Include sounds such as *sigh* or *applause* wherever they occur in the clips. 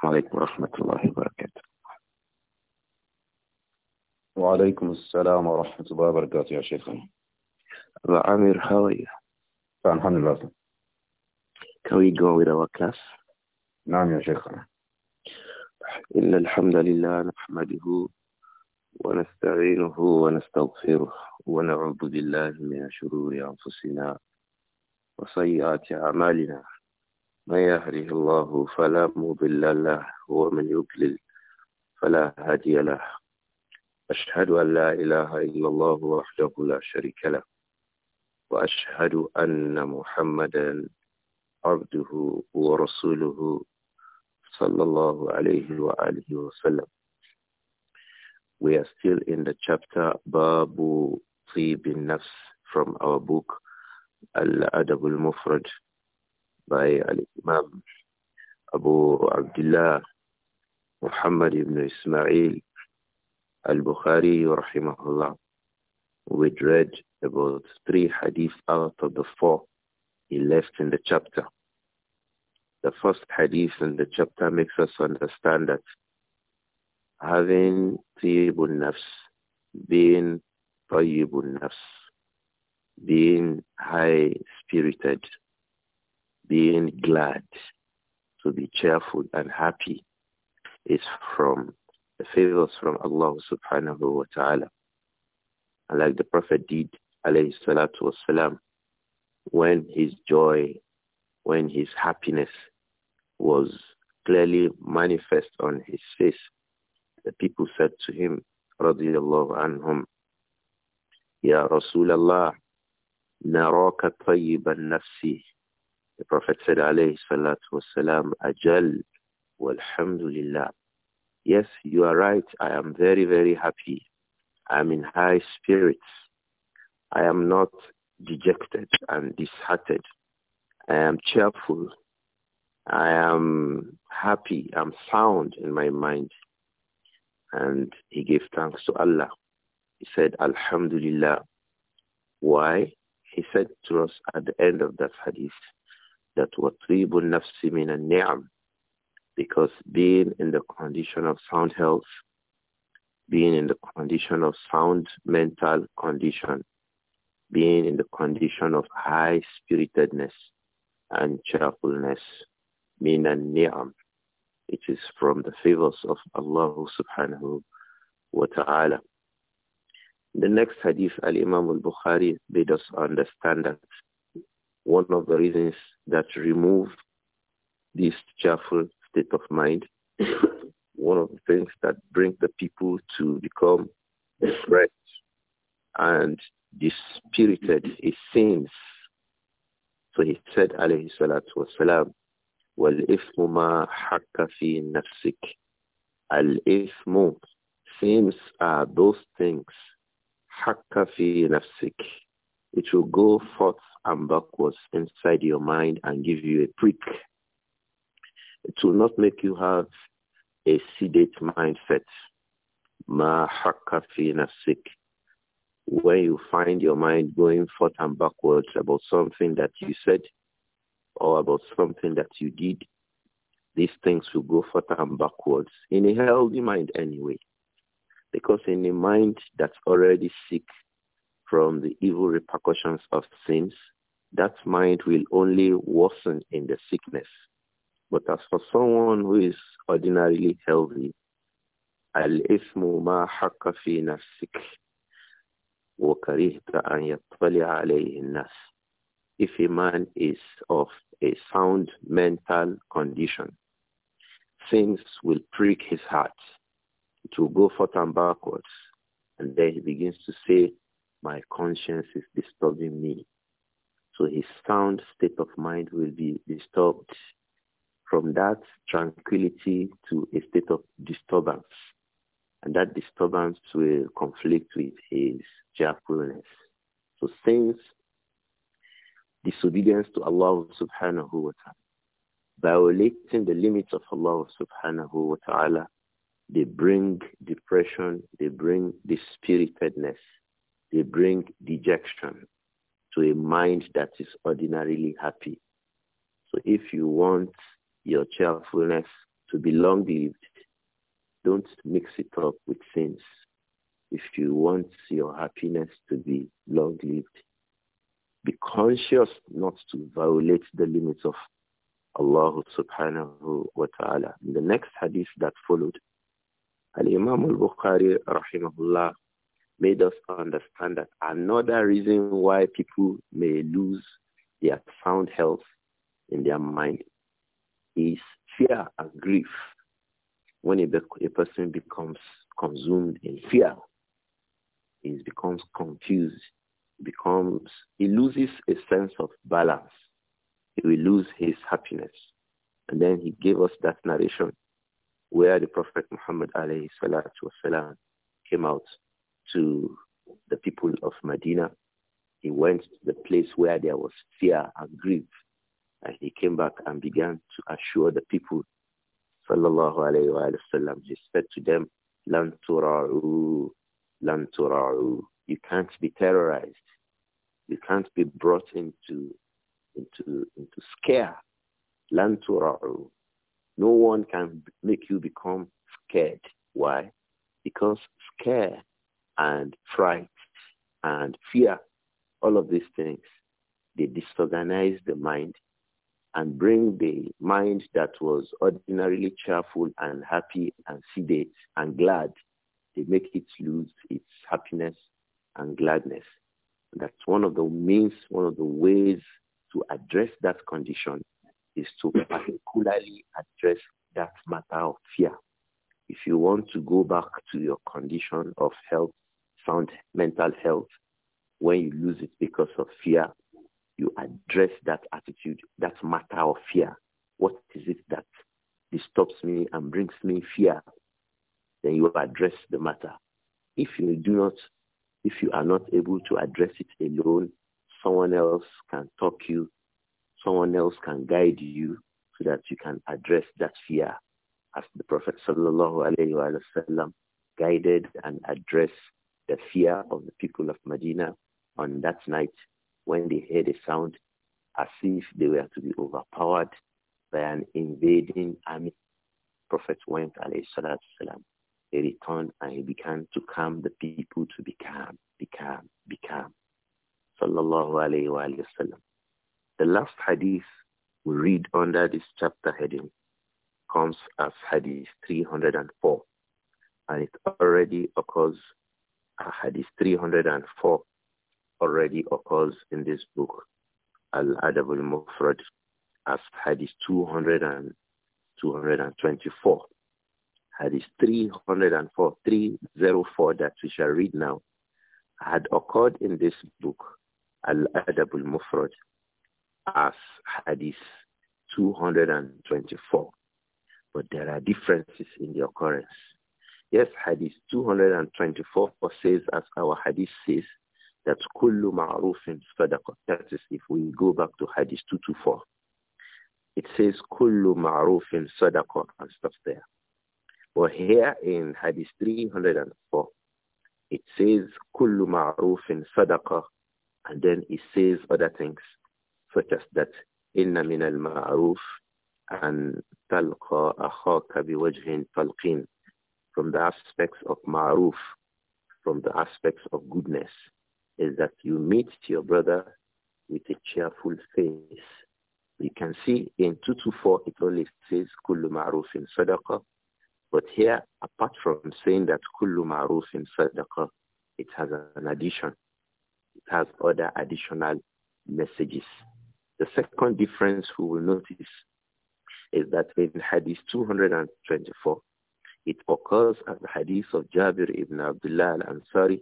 السلام عليكم ورحمة الله وبركاته وعليكم السلام ورحمة الله وبركاته يا شيخنا Amir, how are you? Alhamdulillah. Can we go with our class? نعم يا شيخنا إن الحمد لله نحمده ونستعينه ونستغفره ونعوذ بالله من شرور أنفسنا وسيئات أعمالنا من يهده الله فلا مضل له ومن يضلل فلا هادي له أشهد أن لا إله إلا الله وحده لا شريك له وأشهد أن محمدا عبده ورسوله صلى الله عليه وآله وسلم We are still in the chapter Babu Tib Nafs from our book Al-Adab al-Mufrad by Al-Imam Abu Abdullah Muhammad ibn Ismail Al-Bukhari rahimahullah. We read about three hadith out of the four he left in the chapter. The first hadith in the chapter makes us understand that having tayyibun nafs, being tayyibun nafs, being high-spirited, being glad, to be cheerful and happy is from the favors from Allah subhanahu wa ta'ala. And like the Prophet did, alayhi salatu wasalam, when his joy, when his happiness was clearly manifest on his face, the people said to him, radiallahu anhum, Ya Rasulallah, naraka tayyiban nafsi the Prophet said, alayhi salatu wasalam, ajal walhamdulillah. Yes, you are right. I am very, very happy. I am in high spirits. I am not dejected and disheartened. I am cheerful. I am happy. I'm sound in my mind. And he gave thanks to Allah. He said, Alhamdulillah. Why? He said to us at the end of that hadith, that وَطْرِيبُ in a ni'am, Because being in the condition of sound health, being in the condition of sound mental condition, being in the condition of high-spiritedness and cheerfulness, مِنَ ni'am. It is from the favors of Allah subhanahu wa ta'ala. The next hadith, Al-Imam al-Bukhari bid us understand that one of the reasons that remove this cheerful state of mind, *coughs* one of the things that bring the people to become depressed and dispirited is sins. So he said, alayhi salatu wasalam, وَالْإِثْمُ مَا حَكَّ فِي نَفْسِكَ sins are those things, حَكَّ فِي نَفْسِكَ it will go forth and backwards inside your mind and give you a prick. It will not make you have a sedate mindset. Ma When you find your mind going forth and backwards about something that you said or about something that you did, these things will go forth and backwards in a healthy mind anyway. Because in a mind that's already sick, from the evil repercussions of sins, that mind will only worsen in the sickness. But as for someone who is ordinarily healthy, al-ismu ma nafsik wa karihta an alayhi nas. If a man is of a sound mental condition, things will prick his heart. It will go forth and backwards. And then he begins to say, my conscience is disturbing me. So his sound state of mind will be disturbed from that tranquility to a state of disturbance. And that disturbance will conflict with his cheerfulness. So since disobedience to Allah subhanahu wa ta'ala, violating the limits of Allah subhanahu wa ta'ala, they bring depression, they bring dispiritedness, they bring dejection to a mind that is ordinarily happy. So if you want your cheerfulness to be long-lived, don't mix it up with sins. If you want your happiness to be long-lived, be conscious not to violate the limits of Allah subhanahu wa ta'ala. In the next hadith that followed, Al-Imam al-Bukhari rahimahullah made us understand that another reason why people may lose their sound health in their mind is fear and grief. When a, a person becomes consumed in fear, he becomes confused, becomes he loses a sense of balance. He will lose his happiness. And then he gave us that narration where the Prophet Muhammad came out to the people of Medina. He went to the place where there was fear and grief. And he came back and began to assure the people, sallallahu alayhi wa sallam, he said to them, lan tura'u, lan You can't be terrorized. You can't be brought into, into, into scare. Lan tura'u. No one can make you become scared. Why? Because scare and fright and fear, all of these things, they disorganize the mind and bring the mind that was ordinarily cheerful and happy and sedate and glad, they make it lose its happiness and gladness. That's one of the means, one of the ways to address that condition is to particularly address that matter of fear. If you want to go back to your condition of health sound mental health, when you lose it because of fear, you address that attitude, that matter of fear. What is it that disturbs me and brings me fear? Then you address the matter. If you do not, if you are not able to address it alone, someone else can talk you, someone else can guide you so that you can address that fear as the Prophet sallallahu alaihi wasallam guided and addressed the fear of the people of Medina on that night when they heard a sound as if they were to be overpowered by an invading army. Prophet went, alayhi salatu salam. He returned and he began to calm the people to be calm, be calm, be calm. Sallallahu alayhi wa, The last hadith we read under this chapter heading comes as hadith 304 and it already occurs Hadith 304 already occurs in this book, Al-Adab al-Mufrad, as Hadith 200 and 224. Hadith 304, 304 that we shall read now had occurred in this book, Al-Adab al-Mufrad, as Hadith 224. But there are differences in the occurrence. Yes, hadith 224 says, as our hadith says, that kullu ma'rufin sadaqah. That is if we go back to hadith 224. It says kullu ma'rufin sadaqah and stuff there. But here in hadith 304, it says kullu ma'rufin sadaqah and then it says other things such as that inna min al-ma'ruf and talqa akhaka biwajhin talqin from the aspects of ma'ruf, from the aspects of goodness, is that you meet your brother with a cheerful face. We can see in 224 it only says kullu ma'rufin But here, apart from saying that kullu ma'rufin sadaqah, it has an addition. It has other additional messages. The second difference we will notice is that in Hadith 224, it occurs in the hadith of Jabir ibn Abdullah al-Ansari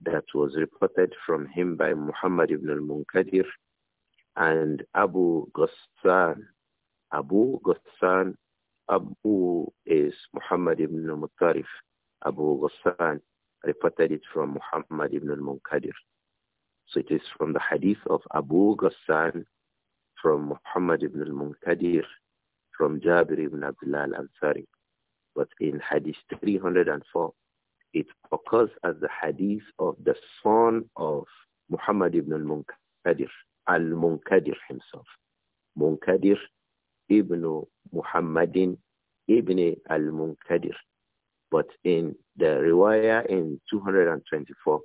that was reported from him by Muhammad ibn al-Munkadir and Abu Ghassan. Abu Ghassan, Abu is Muhammad ibn al-Muttarif. Abu Ghassan reported it from Muhammad ibn al-Munkadir. So it is from the hadith of Abu Ghassan from Muhammad ibn al-Munkadir from Jabir ibn Abdullah al-Ansari. But in Hadith 304, it occurs as the Hadith of the son of Muhammad ibn al-Munkadir, al-Munkadir himself. Munkadir ibn Muhammadin ibn al-Munkadir. But in the riwayah in 224,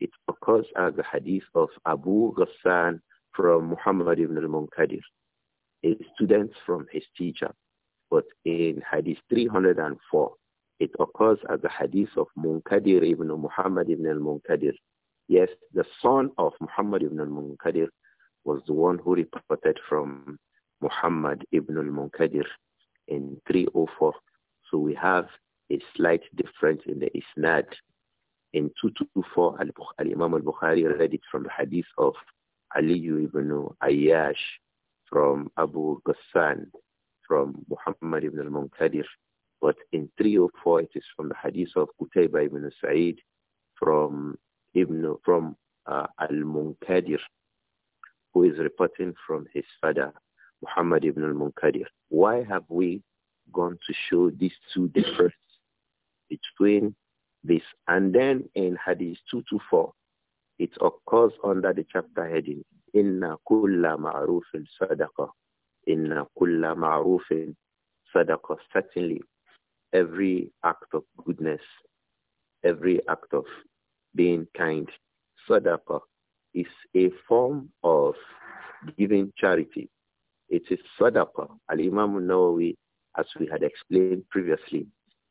it occurs as the Hadith of Abu Ghassan from Muhammad ibn al-Munkadir, a student from his teacher. But in Hadith 304, it occurs as the Hadith of Munkadir ibn Muhammad ibn al-Munkadir. Yes, the son of Muhammad ibn al-Munkadir was the one who reported from Muhammad ibn al-Munkadir in 304. So we have a slight difference in the isnad. In 224, Al-Imam al-Bukhari read it from the hadith of Ali ibn Ayyash from Abu Ghassan from Muhammad ibn al-Muqtadir, but in 304 it is from the hadith of Qutayba ibn Sa'id from Ibn from uh, al-Munkadir, who is reporting from his father, Muhammad ibn al-Munkadir. Why have we gone to show these two differences between this? And then in Hadith 224, it occurs under the chapter heading, Inna kulla ma'rufin sadaqah. Inna kulla ma'rufin sadaqa. Certainly, every act of goodness, every act of being kind, sadaqa, is a form of giving charity. It is sadaqa. Al-Imam Nawawi, as we had explained previously,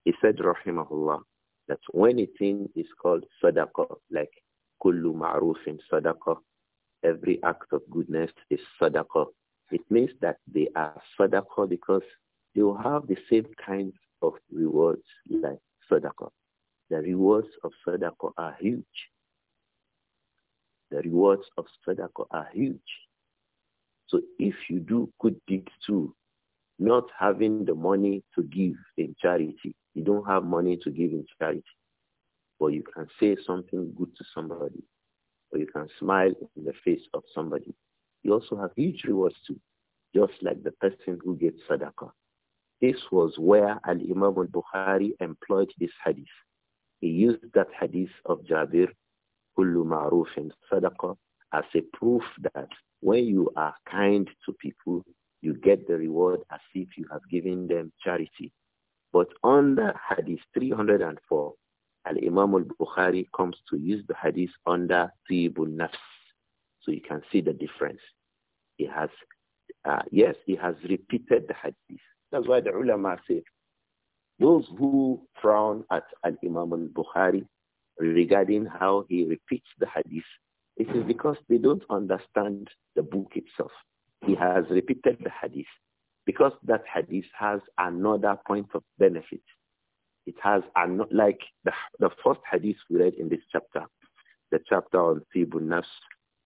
he said, rahimahullah, that when a thing is called sadaqa, like kullu ma'rufin sadaqa, every act of goodness is sadaqa. It means that they are sadaqah because they will have the same kinds of rewards like sadaqah. The rewards of sadaqah are huge. The rewards of sadaqah are huge. So if you do good deeds too, not having the money to give in charity, you don't have money to give in charity, but you can say something good to somebody, or you can smile in the face of somebody, you also have huge rewards too, just like the person who gets sadaqah. This was where Al-Imam al-Bukhari employed this hadith. He used that hadith of Jabir, Kullu ma'rufin sadaqah, as a proof that when you are kind to people, you get the reward as if you have given them charity. But on the hadith 304, Al-Imam al-Bukhari comes to use the hadith under Tibun Nafs so you can see the difference. He has, uh, yes, he has repeated the hadith. That's why the ulama say, those who frown at Al-Imam al-Bukhari regarding how he repeats the hadith, it is because they don't understand the book itself. He has repeated the hadith because that hadith has another point of benefit. It has, an, like the, the first hadith we read in this chapter, the chapter on Fibun Nafs,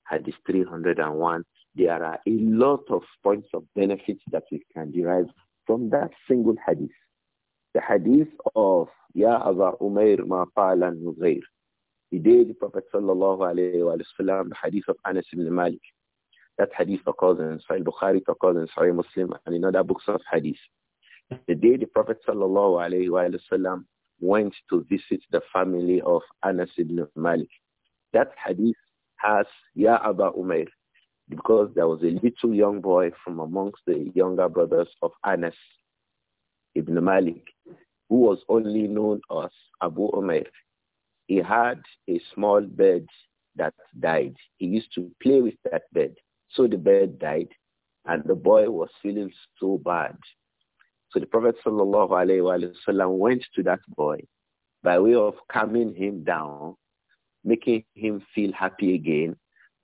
Hadith 301. There are a lot of points of benefit that we can derive from that single hadith. The hadith of Ya Aba Umair Ma Qala Nughair. He did the Prophet Sallallahu Alaihi Wasallam, the hadith of Anas ibn Malik. That hadith occurs in Sahih Bukhari, occurs in Sahih Muslim, and in other books of hadith. The day the Prophet Sallallahu Alaihi Wasallam went to visit the family of Anas ibn Malik. That hadith has Ya Aba Umair because there was a little young boy from amongst the younger brothers of Anas ibn Malik who was only known as Abu Umair. He had a small bird that died. He used to play with that bird. So the bird died and the boy was feeling so bad. So the Prophet sallallahu wasallam went to that boy by way of calming him down making him feel happy again,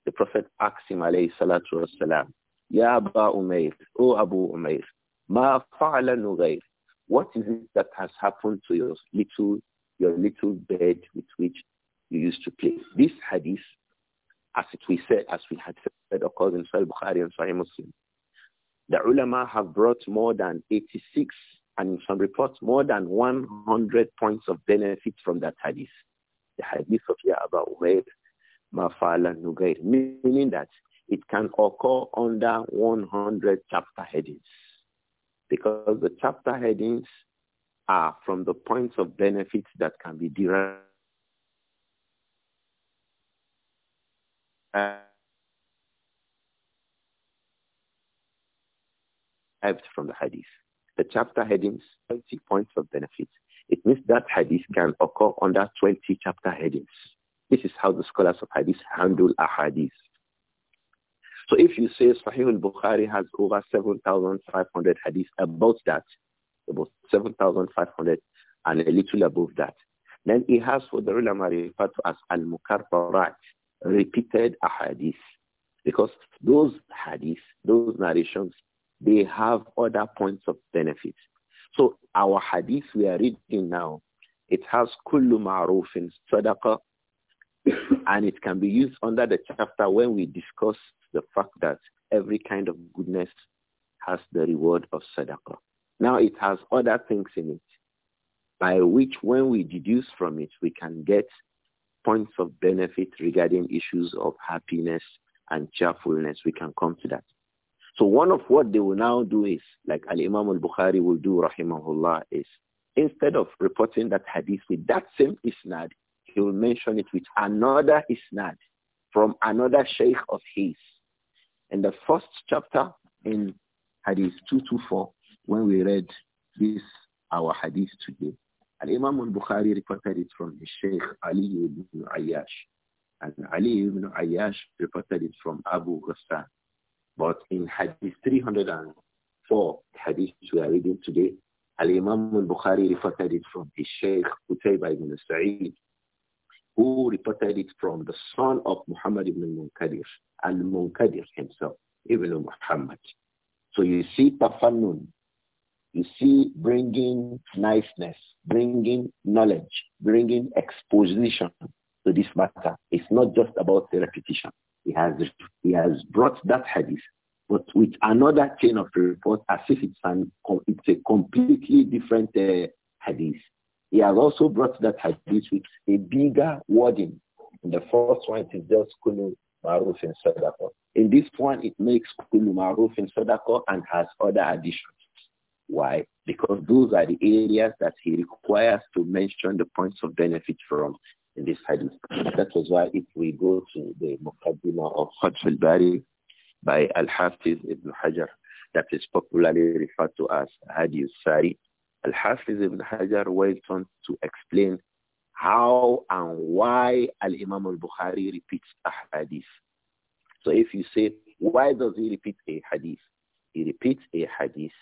the Prophet asked him, alayhi salatu wasalam, Ya Abu Umair, O Abu Umair, ma fa'ala nughayr? What is it that has happened to your little, your little bed with which you used to play? This hadith, as it we said, as we had said, occurs in Sahih Bukhari and Sahih Muslim. The ulama have brought more than 86 and in some reports more than 100 points of benefit from that hadith the hadith of Ya Aba Umair, Mafala Nugair, meaning that it can occur under 100 chapter headings because the chapter headings are from the points of benefits that can be derived from the hadith. The chapter headings, 20 points of benefits it means that hadith can occur under 20 chapter headings. This is how the scholars of hadith handle a hadith. So if you say Sahih al-Bukhari has over 7,500 hadiths about that, about 7,500 and a little above that, then he has what the ulama refer to as al-mukarrarat, repeated hadiths, Because those hadiths, those narrations, they have other points of benefit. So our hadith we are reading now, it has kullu ma'rufin sadaqa and it can be used under the chapter when we discuss the fact that every kind of goodness has the reward of sadaqah. Now it has other things in it by which when we deduce from it, we can get points of benefit regarding issues of happiness and cheerfulness. We can come to that. So one of what they will now do is, like Al-Imam al-Bukhari will do, rahimahullah, is instead of reporting that hadith with that same isnad, he will mention it with another isnad from another sheikh of his. In the first chapter in hadith 224, when we read this, our hadith today, Al-Imam al-Bukhari reported it from his sheikh Ali ibn Ayyash. And Ali ibn Ayyash reported it from Abu Ghassan. But in Hadith 304, Hadith we are reading today, Al-Imam al-Bukhari reported it from his Shaykh Qutayba ibn Sa'id, who reported it from the son of Muhammad ibn Munkadir, al-Munkadir himself, Ibn Muhammad. So you see tafannun, you see bringing niceness, bringing knowledge, bringing exposition to this matter. It's not just about the repetition. He has, he has brought that hadith, but with another chain of report as if it's, an, it's a completely different uh, hadith. He has also brought that hadith with a bigger wording. In the first one, it is just kulu maruf in sadaqah. In this one, it makes kulu maruf in sadaqah and has other additions. Why? Because those are the areas that he requires to mention the points of benefit from in this hadith. That was why if we go to the Muqaddimah of Fathul Bari by Al-Hafiz Ibn Hajar, that is popularly referred to as Hadith Sari, Al-Hafiz Ibn Hajar went on to explain how and why Al-Imam al-Bukhari repeats a hadith. So if you say, why does he repeat a hadith? He repeats a hadith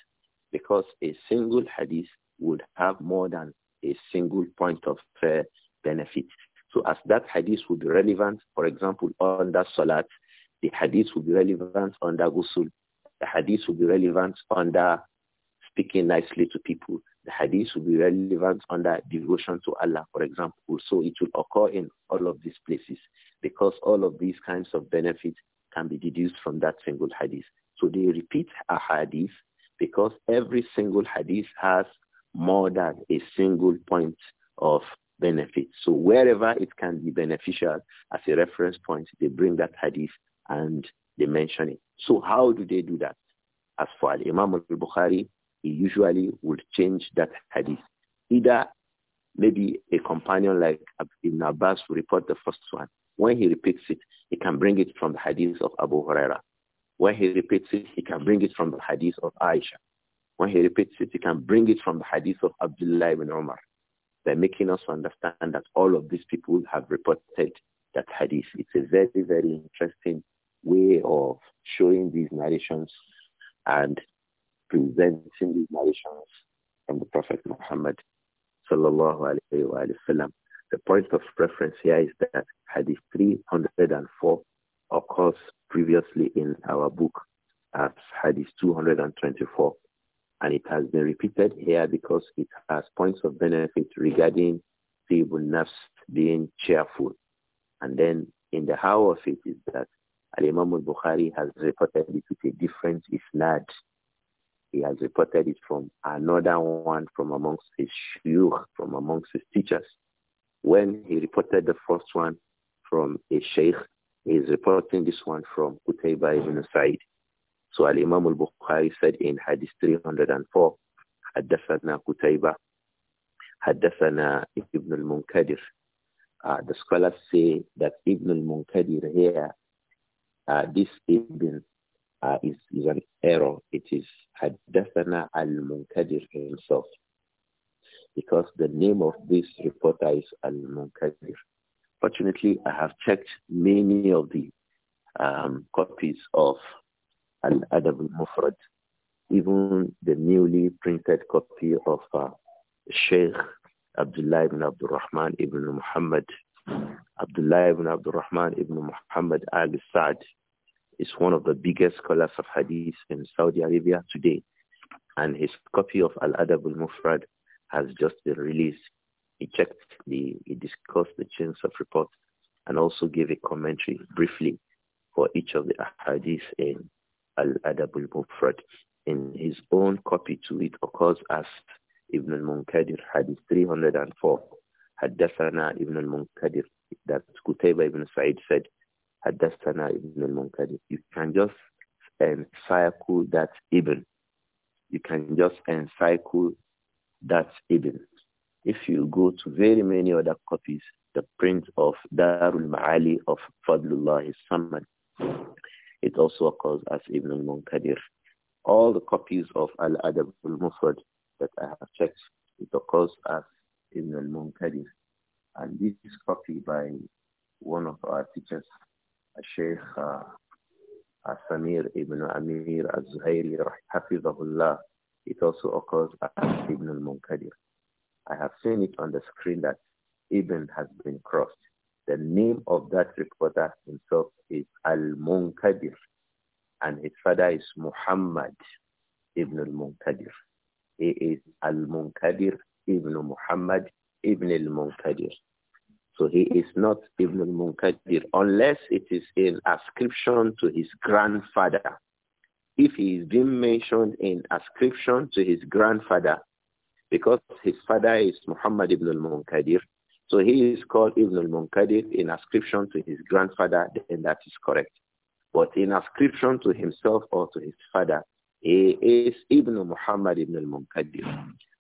because a single hadith would have more than a single point of uh, benefit. So as that hadith would be relevant, for example, under salat, the hadith would be relevant under ghusl, the hadith would be relevant under speaking nicely to people, the hadith would be relevant under devotion to Allah, for example. So it will occur in all of these places because all of these kinds of benefits can be deduced from that single hadith. So they repeat a hadith because every single hadith has more than a single point of benefits. So wherever it can be beneficial as a reference point, they bring that hadith and they mention it. So how do they do that? As for Imam al-Bukhari, he usually would change that hadith. Either maybe a companion like Ibn Abbas will report the first one. When he repeats it, he can bring it from the hadith of Abu Huraira. When he repeats it, he can bring it from the hadith of Aisha. When he repeats it, he can bring it from the hadith of Abdullah ibn Umar. They're making us understand that all of these people have reported that hadith. It's a very, very interesting way of showing these narrations and presenting these narrations from the Prophet Muhammad sallallahu The point of reference here is that hadith 304 occurs previously in our book as hadith 224 and it has been repeated here because it has points of benefit regarding feeble nafs being cheerful. And then in the how of it is that Al-Imam al-Bukhari has reported it with a different isnad. He has reported it from another one from amongst his shuyukh, from amongst his teachers. When he reported the first one from a sheikh, he is reporting this one from Qutayba ibn Sa'id. So Al-Imam al-Bukhari said in Hadith 304, حدثنا قتيبة حدثنا ابن المنكدر uh, the scholars say that Ibn al-Munkadir here, uh, this Ibn uh, is, is an error. It is Haddathana al-Munkadir himself. Because the name of this reporter is al-Munkadir. Fortunately, I have checked many of the um, copies of Al-Adab al-Mufrad, even the newly printed copy of uh, Sheikh Abdullah ibn Rahman ibn Muhammad, Abdullah ibn Rahman ibn Muhammad al Saad is one of the biggest scholars of hadith in Saudi Arabia today. And his copy of Al-Adab al-Mufrad has just been released. He checked the, he discussed the chains of reports and also gave a commentary briefly for each of the hadith in Al-Adab mufrad In his own copy to it occurs as Ibn al-Munkadir, Hadith 304. حدثنا ابن المنكدر that Qutayba ibn Sa'id said حدثنا ابن المنكدر you can just encircle that ibn you can just encircle that ibn if you go to very many other copies the print of Darul Ma'ali of Fadlullah Samad it also occurs as Ibn al-Munkadir. All the copies of Al-Adab al-Mufrad that I have checked, it occurs as Ibn al-Munkadir. And this is copy by one of our teachers, Sheikh uh, Samir ibn Amir al-Zuhairi, Hafizahullah. It also occurs as Ibn al-Munkadir. I have seen it on the screen that Ibn has been crossed. The name of that reporter himself is Al-Munkadir, and his father is Muhammad ibn al-Munkadir. He is al-Munkadir ibn Muhammad ibn al-Munkadir. So he is not ibn al-Munkadir unless it is in ascription to his grandfather. If he is being mentioned in ascription to his grandfather, because his father is Muhammad ibn al-Munkadir, so he is called Ibn al-Munkadir in ascription to his grandfather, and that is correct. But in ascription to himself or to his father, he is Ibn Muhammad Ibn al-Munkadir.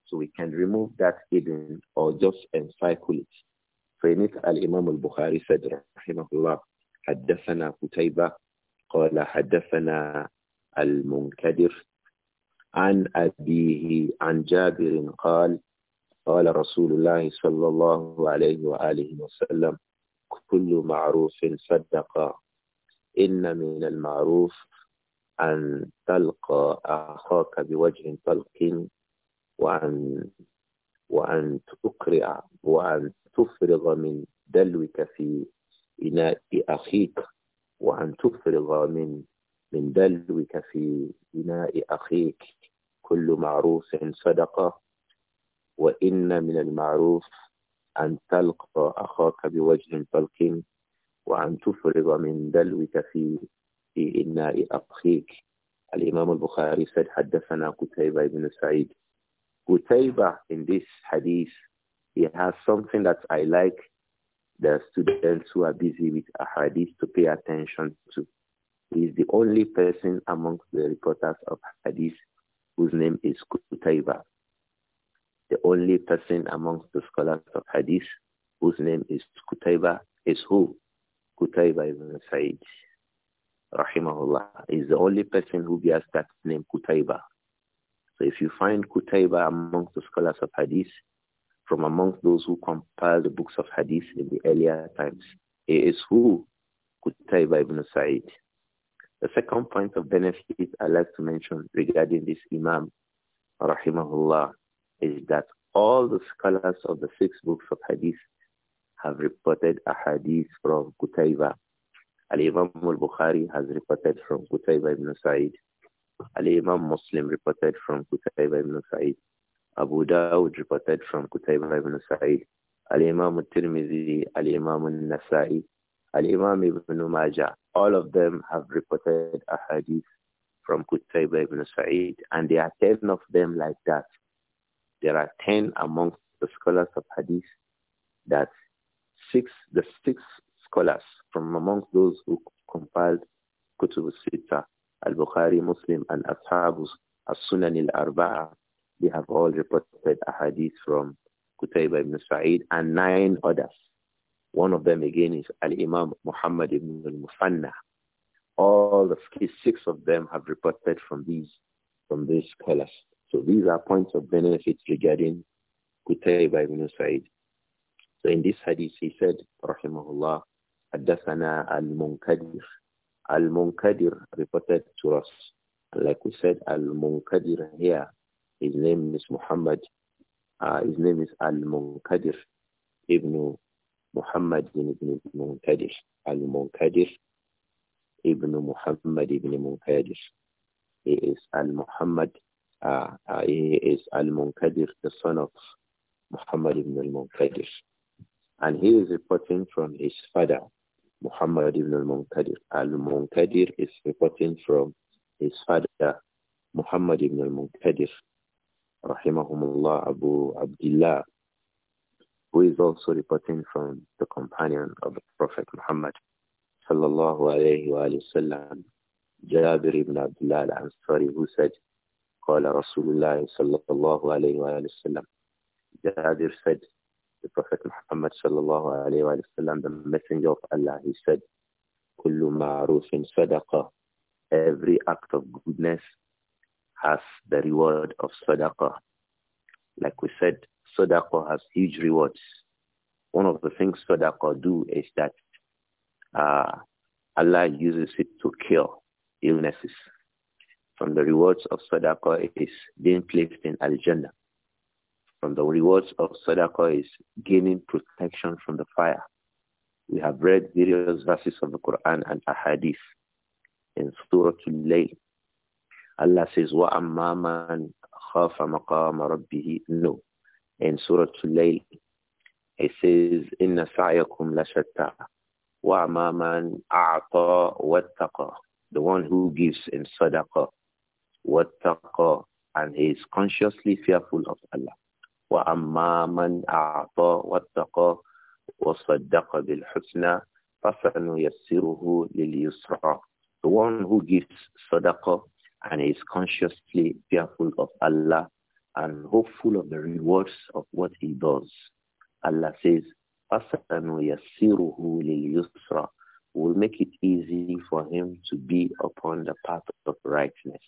So we can remove that Ibn or just encircle it. فإنك الإمام البخاري سد رحمه الله حدثنا قتيبة قال حدثنا المنكدر عن أبيه عن جابر قال قال رسول الله صلى الله عليه وآله وسلم كل معروف صدقة إن من المعروف أن تلقى أخاك بوجه طلق وأن وأن تقرع وأن تفرغ من دلوك في إناء أخيك وأن تفرغ من من دلوك في إناء أخيك كل معروف صدقة وإن من المعروف أن تلقى أخاك بوجه طلق وأن تفرغ من دلوك في في إناء أخيك الإمام البخاري said حدثنا قتيبة بن سعيد Qutayba in this hadith, he has something that I like the students who are busy with hadith to pay attention to. He is the only person amongst the reporters of hadith whose name is Qutayba. The only person amongst the scholars of hadith whose name is Qutayba is who? Qutayba ibn Sa'id. Rahimahullah is the only person who bears that name Qutayba. So if you find Qutayba amongst the scholars of hadith, from amongst those who compiled the books of hadith in the earlier times, he is who? Qutayba ibn Sa'id. The second point of benefit I'd like to mention regarding this Imam, rahimahullah, is that all the scholars of the six books of hadith have reported a hadith from Qutayba. Al-Imam al-Bukhari has reported from Qutayba ibn Sa'id. Al-Imam Muslim reported from Qutayba ibn Sa'id. Abu Dawud reported from Qutayba ibn Sa'id. Al-Imam al-Tirmidhi, Al-Imam al-Nasa'i, Al-Imam ibn Majah. All of them have reported a hadith from Qutayba ibn Sa'id and there are 10 of them like that there are 10 amongst the scholars of hadith that six, the six scholars from amongst those who compiled Kutub al-Sitta, al-Bukhari, Muslim, and Ashabus, as sunan al-Arba'a, they have all reported a hadith from Qutayba ibn Sa'id and nine others. One of them again is Al-Imam Muhammad ibn al-Mufanna. All the six of them have reported from these, from these scholars. So these are points of benefits regarding Qutayba ibn Sa'id. So in this hadith he said, Rahimahullah, Addathana al-Munkadir. Al-Munkadir reported to us. Like we said, Al-Munkadir here, his name is Muhammad. Uh, his name is Al-Munkadir ibn Muhammad ibn Munkadir. Al-Munkadir ibn Muhammad ibn Munkadir. He is Al-Muhammad uh, uh, he is Al-Munkadir, the son of Muhammad ibn al-Munkadir. And he is reporting from his father, Muhammad ibn al-Munkadir. Al-Munkadir is reporting from his father, Muhammad ibn al-Munkadir, rahimahumullah Abu Abdullah, who is also reporting from the companion of the Prophet Muhammad, sallallahu alayhi wa sallam, Jabir ibn Abdullah al-Ansari, who said, قال رسول الله صلى الله عليه وآله وسلم Jabir said, the Prophet Muhammad sallallahu alayhi wa sallam, the messenger of Allah, he said, كل معروف صدقة Every act of goodness has the reward of sadaqah. Like we said, sadaqah has huge rewards. One of the things sadaqah do is that uh, Allah uses it to cure illnesses from the rewards of sadaqah is being placed in Al-Jannah. From the rewards of sadaqah is gaining protection from the fire. We have read various verses of the Quran and Ahadith in Surah Al-Layl. Allah says, وَأَمَّا مَنْ خَافَ مَقَامَ رَبِّهِ No. In Surah Al-Layl, He says, إِنَّ سَعْيَكُمْ لَشَتَّى وَأَمَّا مَنْ أَعْطَى وَاتَّقَى The one who gives in sadaqah and he is consciously fearful of Allah. وَأَمَّا مَنْ أَعْطَى وَاتَّقَى وَصَدَّقَ بِالْحُسْنَى فَسَنُيَسِّرُهُ لِلْيُسْرَى The one who gives sadaqah and is consciously fearful of Allah and hopeful of the rewards of what he does. Allah says, will make it easy for him to be upon the path of righteousness.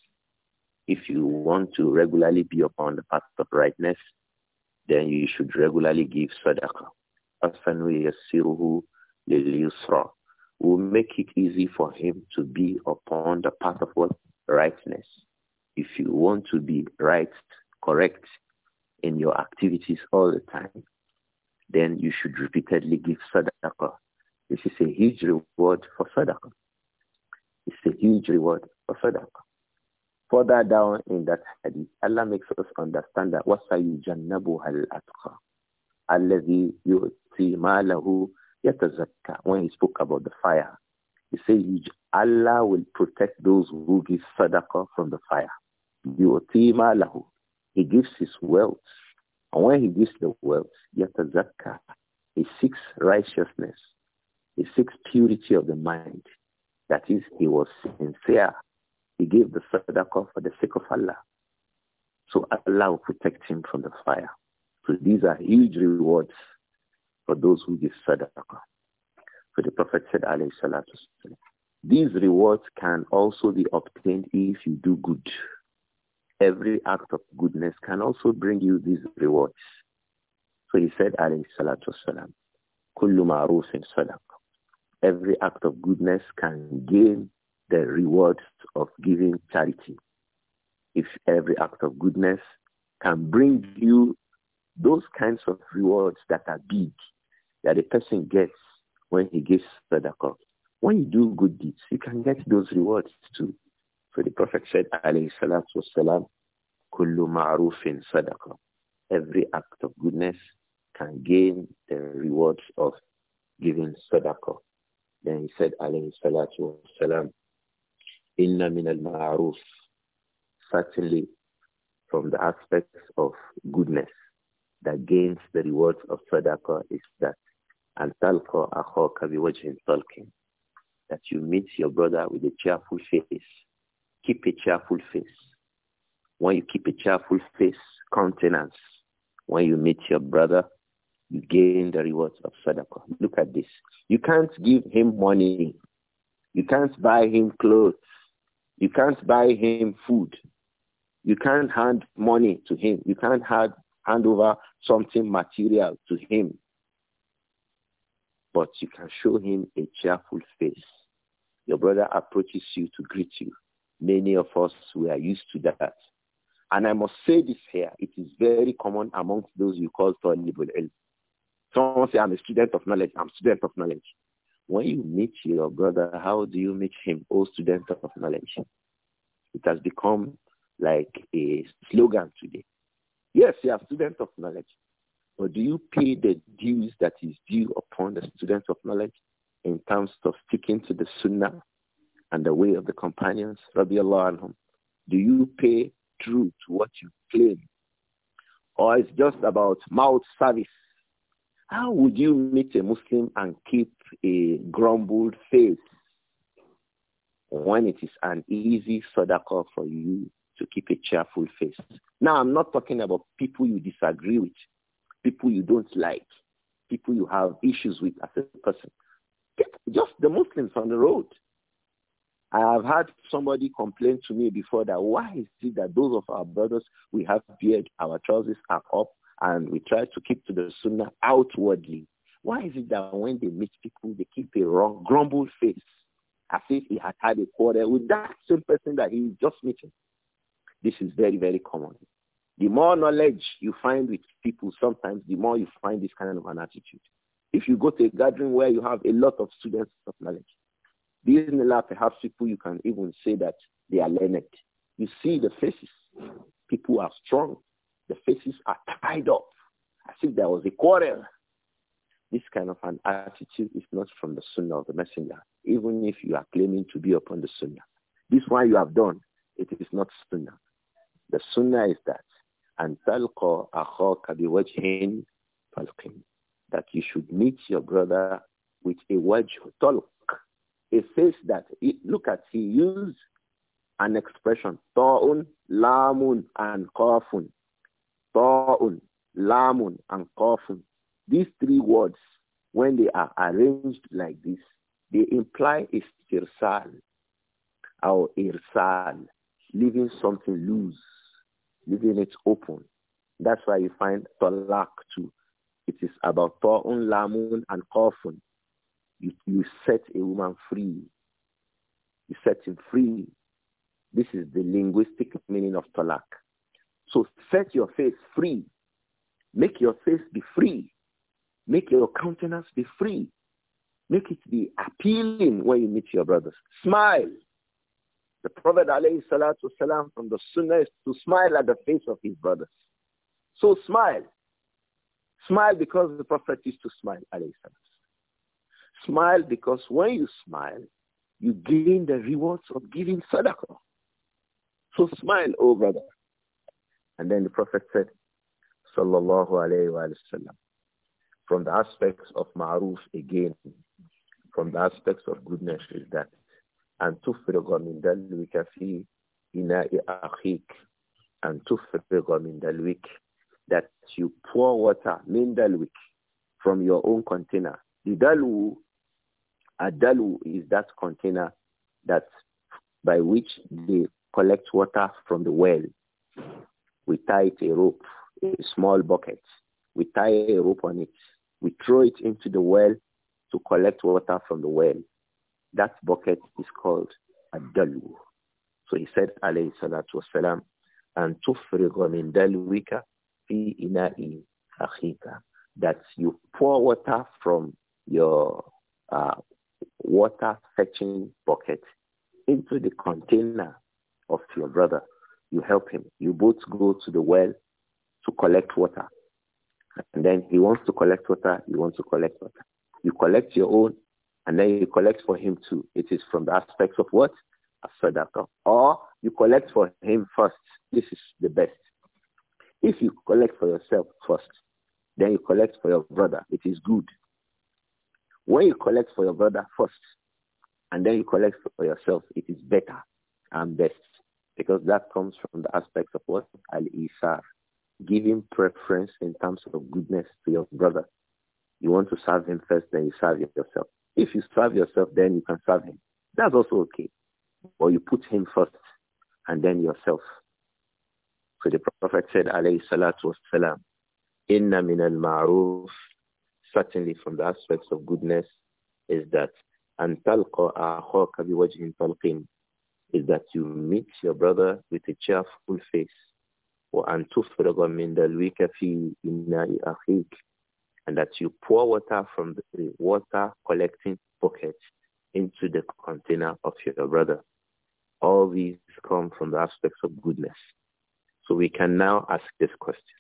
If you want to regularly be upon the path of rightness, then you should regularly give sadaqah. Will make it easy for him to be upon the path of what? Rightness. If you want to be right, correct in your activities all the time, then you should repeatedly give sadaqah. This is a huge reward for sadaqah. It's a huge reward for sadaqah. Further down in that hadith, Allah makes us understand that وَسَيُجَنَّبُهَا الْأَتْقَى الَّذِي يُؤْتِي مَالَهُ يَتَزَكَّى When he spoke about the fire, he says Allah will protect those who give sadaqah from the fire. يُؤْتِي مَالَهُ He gives his wealth. And when he gives the wealth, يَتَزَكَّى He seeks righteousness. He seeks purity of the mind. That is, he was sincere he gave the sadaqah for the sake of Allah. So Allah will protect him from the fire. So these are huge rewards for those who give sadaqah. So the Prophet said, alayhi these rewards can also be obtained if you do good. Every act of goodness can also bring you these rewards. So he said, alayhi salatu wasalam, Every act of goodness can gain the rewards of giving charity. If every act of goodness can bring you those kinds of rewards that are big, that a person gets when he gives sadaqah. When you do good deeds, you can get those rewards too. So the Prophet said, alayhi salatu sadaqah. Every act of goodness can gain the rewards of giving sadaqah. Then he said, alayhi Inna min al maaruf Certainly from the aspects of goodness that gains the rewards of sadaqah is that and talqa akhaka biwajhin talqin. That you meet your brother with a cheerful face. Keep a cheerful face. When you keep a cheerful face, countenance, when you meet your brother, you gain the rewards of sadaqah. Look at this. You can't give him money. You can't buy him clothes. You can't buy him food. You can't hand money to him. You can't hand, hand over something material to him. But you can show him a cheerful face. Your brother approaches you to greet you. Many of us, we are used to that. And I must say this here, it is very common amongst those you call for help. Someone say, I'm a student of knowledge, I'm a student of knowledge. When you meet your brother, how do you meet him, O student of knowledge? It has become like a slogan today. Yes, you are student of knowledge, but do you pay the dues that is due upon the student of knowledge in terms of sticking to the sunnah and the way of the companions, radiallahu anhum? Do you pay true to what you claim? Or it's just about mouth service? How would you meet a Muslim and keep a grumbled face when it is an easy sadaqah for you to keep a cheerful face. Now, I'm not talking about people you disagree with, people you don't like, people you have issues with as a person. Just the Muslims on the road. I have had somebody complain to me before that why is it that those of our brothers, we have beard, our trousers are up, and we try to keep to the sunnah outwardly. Why is it that when they meet people, they keep a wrong, grumbled face, as if he had had a quarrel with that same person that he is just meeting? This is very, very common. The more knowledge you find with people, sometimes the more you find this kind of an attitude. If you go to a gathering where you have a lot of students of knowledge, these lab, perhaps people you can even say that they are learned. You see the faces. People are strong. The faces are tied up as if there was a quarrel. This kind of an attitude is not from the Sunnah of the Messenger, even if you are claiming to be upon the Sunnah. This one you have done, it is not Sunnah. The Sunnah is that, and talqa akhaka biwajhin falqin, that you should meet your brother with a wajh talq, a face that, it, look at, he used an expression, ta'un, lamun, and qafun. Ta'un, lamun, and qafun. These three words, when they are arranged like this, they imply istirsal or irsal, leaving something loose, leaving it open. That's why you find talak too. It is about ta'un, lamun, and kafun. You, you set a woman free. You set him free. This is the linguistic meaning of talak. So set your face free. Make your face be free. Make your countenance be free. Make it be appealing when you meet your brothers. Smile. The Prophet والسلام, from the Sunnah is to smile at the face of his brothers. So smile. Smile because the Prophet used to smile. Smile because when you smile, you gain the rewards of giving sadaqah. So smile, O oh brother. And then the Prophet said, Sallallahu alayhi wa sallam, from the aspects of ma'ruf again, from the aspects of goodness is that and تفرغ من دلوك في إناء arik, and تفرغ من دلوك that you pour water من دلوك from your own container. The dalu, a dalu is that container that by which they collect water from the well. We tie it a rope, a small bucket. We tie a rope on it we throw it into the well to collect water from the well. That bucket is called a dalu. So he said, alayhi salatu wasalam, and tufrigo min dalwika fi ina'i akhika. That you pour water from your uh, water fetching bucket into the container of your brother. You help him. You both go to the well to collect water. And then he wants to collect water, you want to collect water. You collect your own, and then you collect for him too. It is from the aspects of what? A sadaqah. Or you collect for him first. This is the best. If you collect for yourself first, then you collect for your brother. It is good. When you collect for your brother first, and then you collect for yourself, it is better and best. Because that comes from the aspects of what? Al-Isar giving preference in terms of goodness to your brother. You want to serve him first, then you serve yourself. If you serve yourself, then you can serve him. That's also okay. Or you put him first and then yourself. So the Prophet said, alayhi salatu wasalam, inna min al-ma'ruf, certainly from the aspects of goodness, is that and talqa akhaka biwajhin talqin, is that you meet your brother with a cheerful face وأن تفرغ من دلوك في إناء أخيك and that you pour water from the water collecting pocket into the container of your brother. All these come from the aspects of goodness. So we can now ask this question.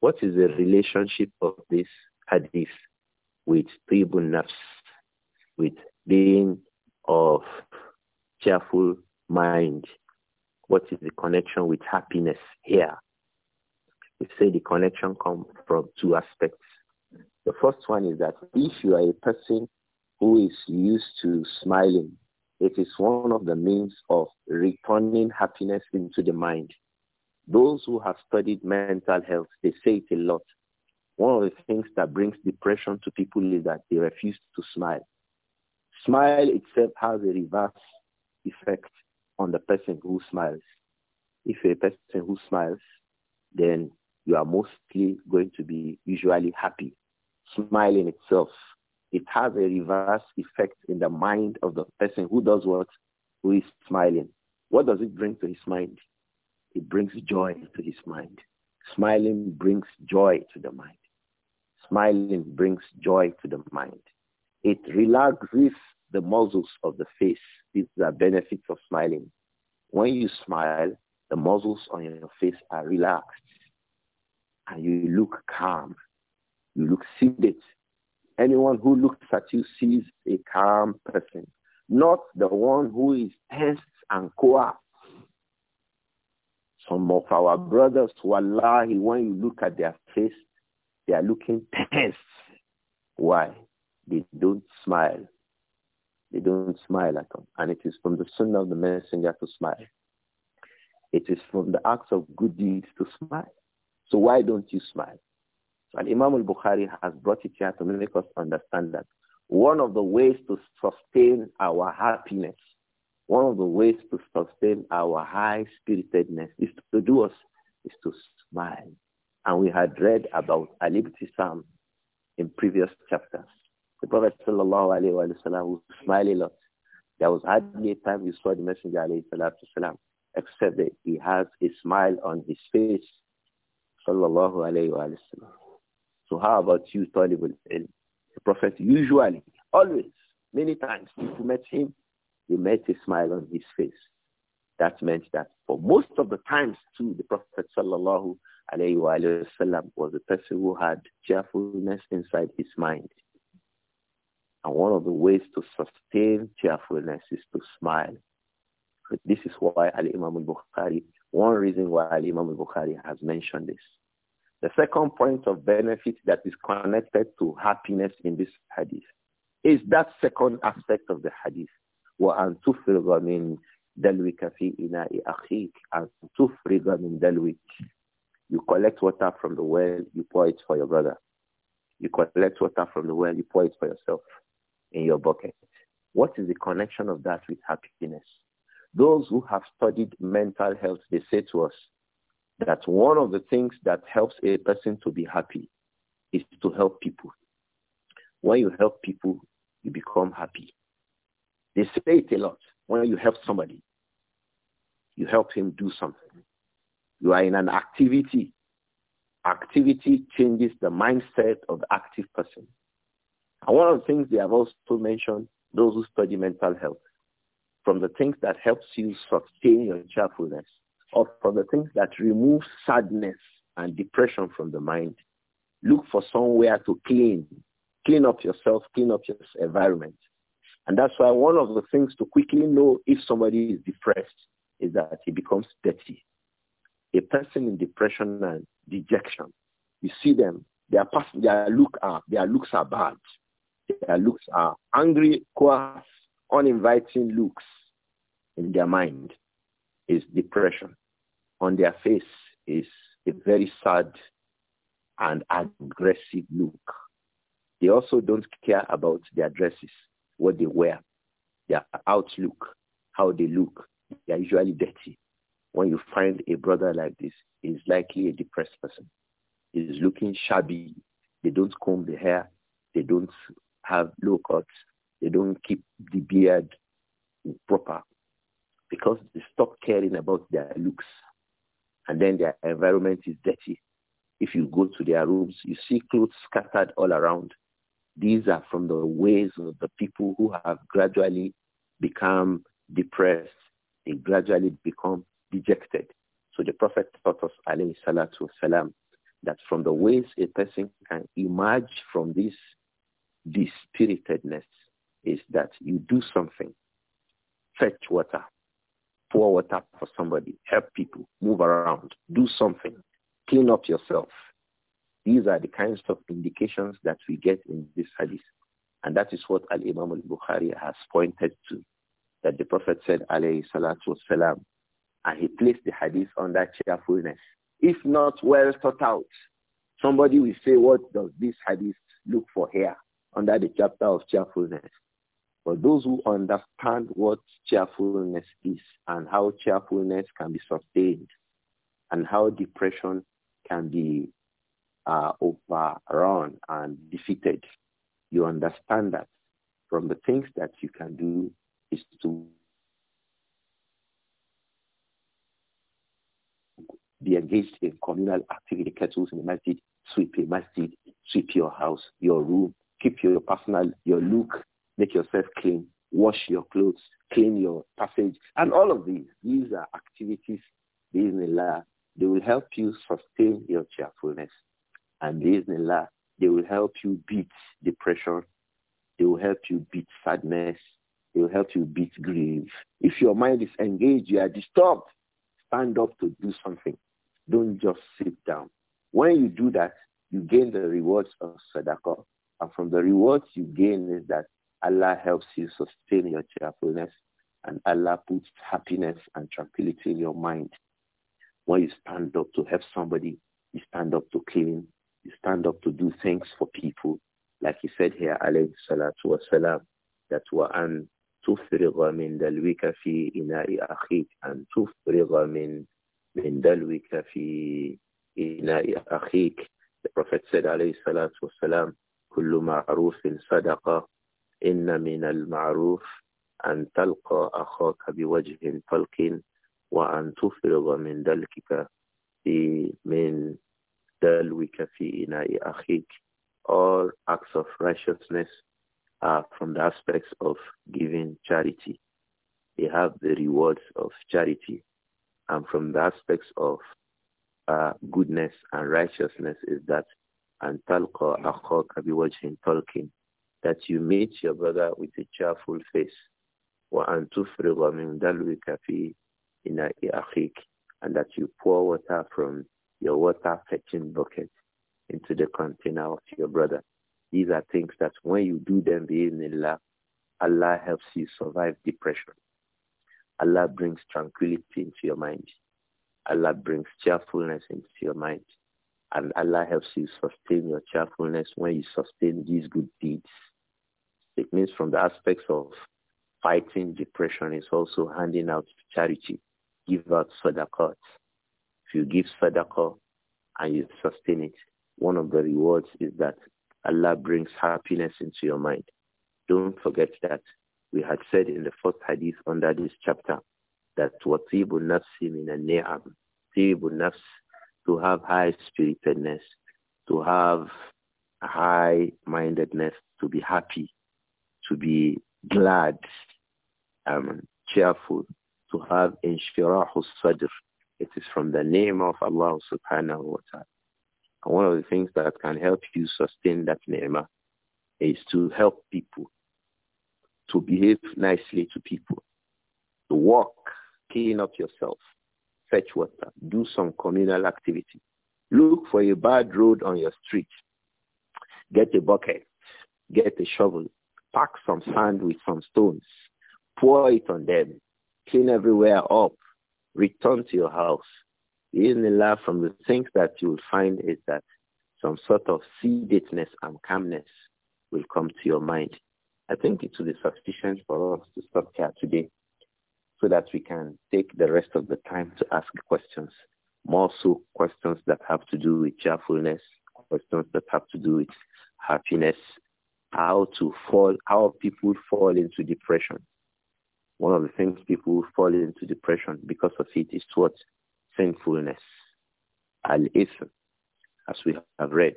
What is the relationship of this hadith with tribun nafs, with being of cheerful mind, what is the connection with happiness here? We say the connection comes from two aspects. The first one is that if you are a person who is used to smiling, it is one of the means of returning happiness into the mind. Those who have studied mental health, they say it a lot. One of the things that brings depression to people is that they refuse to smile. Smile itself has a reverse effect on the person who smiles. If you're a person who smiles, then you are mostly going to be usually happy. Smiling itself, it has a reverse effect in the mind of the person who does what? Who is smiling. What does it bring to his mind? It brings joy to his mind. Smiling brings joy to the mind. Smiling brings joy to the mind. It relaxes the muscles of the face. These are benefits of smiling. When you smile, the muscles on your face are relaxed and you look calm. You look seated. Anyone who looks at you sees a calm person, not the one who is tense and coarse. Some of our brothers, wallahi, when you look at their face, they are looking tense. Why? They don't smile. They don't smile at all. And it is from the sunnah of the messenger to smile. It is from the acts of good deeds to smile. So why don't you smile? and Imam al-Bukhari has brought it here to make us understand that one of the ways to sustain our happiness, one of the ways to sustain our high-spiritedness is to do us, is to smile. And we had read about Alib Tisam in previous chapters. The Prophet sallallahu alayhi wasallam sallam a lot. There was hardly a time you saw the Messenger alayhi except that he has a smile on his face. Sallallahu alayhi So how about you, Talibul? ilm The Prophet usually, always, many times, people met him, you met a smile on his face. That meant that for most of the times too, the Prophet sallallahu alayhi wa sallam was a person who had cheerfulness inside his mind. And one of the ways to sustain cheerfulness is to smile. this is why Ali imam al-Bukhari, one reason why Ali imam al-Bukhari has mentioned this. The second point of benefit that is connected to happiness in this hadith is that second aspect of the hadith. وَأَن مِنْ دَلْوِكَ فِي إِنَاءِ أَخِيكَ أَن مِنْ دَلْوِكَ You collect water from the well, you pour it for your brother. You collect water from the well, you pour it for yourself in your bucket. What is the connection of that with happiness? Those who have studied mental health, they say to us that one of the things that helps a person to be happy is to help people. When you help people, you become happy. They say it a lot. When you help somebody, you help him do something. You are in an activity. Activity changes the mindset of the active person. And one of the things they have also mentioned, those who study mental health, from the things that helps you sustain your cheerfulness, or from the things that remove sadness and depression from the mind, look for somewhere to clean, clean up yourself, clean up your environment. And that's why one of the things to quickly know if somebody is depressed is that he becomes dirty. A person in depression and dejection, you see them, their, past, their, look are, their looks are bad their uh, looks are angry, coarse, uninviting looks in their mind is depression. On their face is a very sad and aggressive look. They also don't care about their dresses, what they wear, their outlook, how they look. They are usually dirty. When you find a brother like this, he's likely a depressed person. He's looking shabby. They don't comb the hair. They don't have low cuts. They don't keep the beard proper because they stop caring about their looks. And then their environment is dirty. If you go to their rooms, you see clothes scattered all around. These are from the ways of the people who have gradually become depressed. They gradually become dejected. So the Prophet taught us, alayhi salatu wasalam, that from the ways a person can emerge from this dispiritedness is that you do something, fetch water, pour water for somebody, help people, move around, do something, clean up yourself. These are the kinds of indications that we get in this hadith. And that is what Al-Imam al-Bukhari has pointed to, that the Prophet said, alayhi salatu wasalam, and he placed the hadith under cheerfulness. If not well thought out, somebody will say, what does this hadith look for here? under the chapter of cheerfulness. But those who understand what cheerfulness is and how cheerfulness can be sustained and how depression can be uh, overrun and defeated, you understand that from the things that you can do is to be engaged in communal activity, kettles in the masjid, sweep a masjid, sweep your house, your room, keep your personal, your look, make yourself clean, wash your clothes, clean your passage, and all of these. These are activities, Bismillah, they will help you sustain your cheerfulness. And Bismillah, they will help you beat depression. They will help you beat sadness. They will help you beat grief. If your mind is engaged, you are disturbed, stand up to do something. Don't just sit down. When you do that, you gain the rewards of sadaqah and from the rewards you gain is that Allah helps you sustain your cheerfulness and Allah puts happiness and tranquility in your mind. When you stand up to help somebody, you stand up to clean, you stand up to do things for people. Like he said here, alayhi salatu wasalam, that wa'an تُفْرِغَ min dalwika fi inai أَخِيكَ and تُفْرِغَ min min dalwika fi inai أَخِيكَ The Prophet said, alayhi salatu wasalam, كل معروف صدقة إن من المعروف أن تلقى أخاك بوجه طلق وأن تفرغ من دلكك في من دلوك في إناء أخيك All acts of righteousness are from the aspects of giving charity. They have the rewards of charity. And from the aspects of uh, goodness and righteousness is that and talqa akhaka biwajhin talqin that you meet your brother with a cheerful face wa an tufriga min dalwika fi ina'i akhik and that you pour water from your water fetching bucket into the container of your brother. These are things that when you do them, law, Allah helps you survive depression. Allah brings tranquility into your mind. Allah brings cheerfulness into your mind. And Allah helps you sustain your cheerfulness when you sustain these good deeds. It means from the aspects of fighting depression is also handing out charity. Give out sadaqah. If you give sadaqah and you sustain it, one of the rewards is that Allah brings happiness into your mind. Don't forget that we had said in the first hadith under this chapter that وَطِيبُ النَّفْسِ مِنَ النِّعَمِ طِيبُ النَّفْسِ to have high spiritedness, to have high mindedness, to be happy, to be glad, um, cheerful, to have inshirahu sadr. It is from the name of Allah subhanahu wa ta'ala. And one of the things that can help you sustain that ni'mah is to help people, to behave nicely to people, to walk, clean up yourself, fetch water, do some communal activity. Look for a bad road on your street. Get a bucket, get a shovel, pack some sand with some stones, pour it on them, clean everywhere up, return to your house. laugh from the things that you will find is that some sort of sedatedness and calmness will come to your mind. I think it will be sufficient for us to stop here today so that we can take the rest of the time to ask questions. More so questions that have to do with cheerfulness, questions that have to do with happiness, how to fall, how people fall into depression. One of the things people fall into depression because of it is what? Sinfulness. Al-Ithm, as we have read.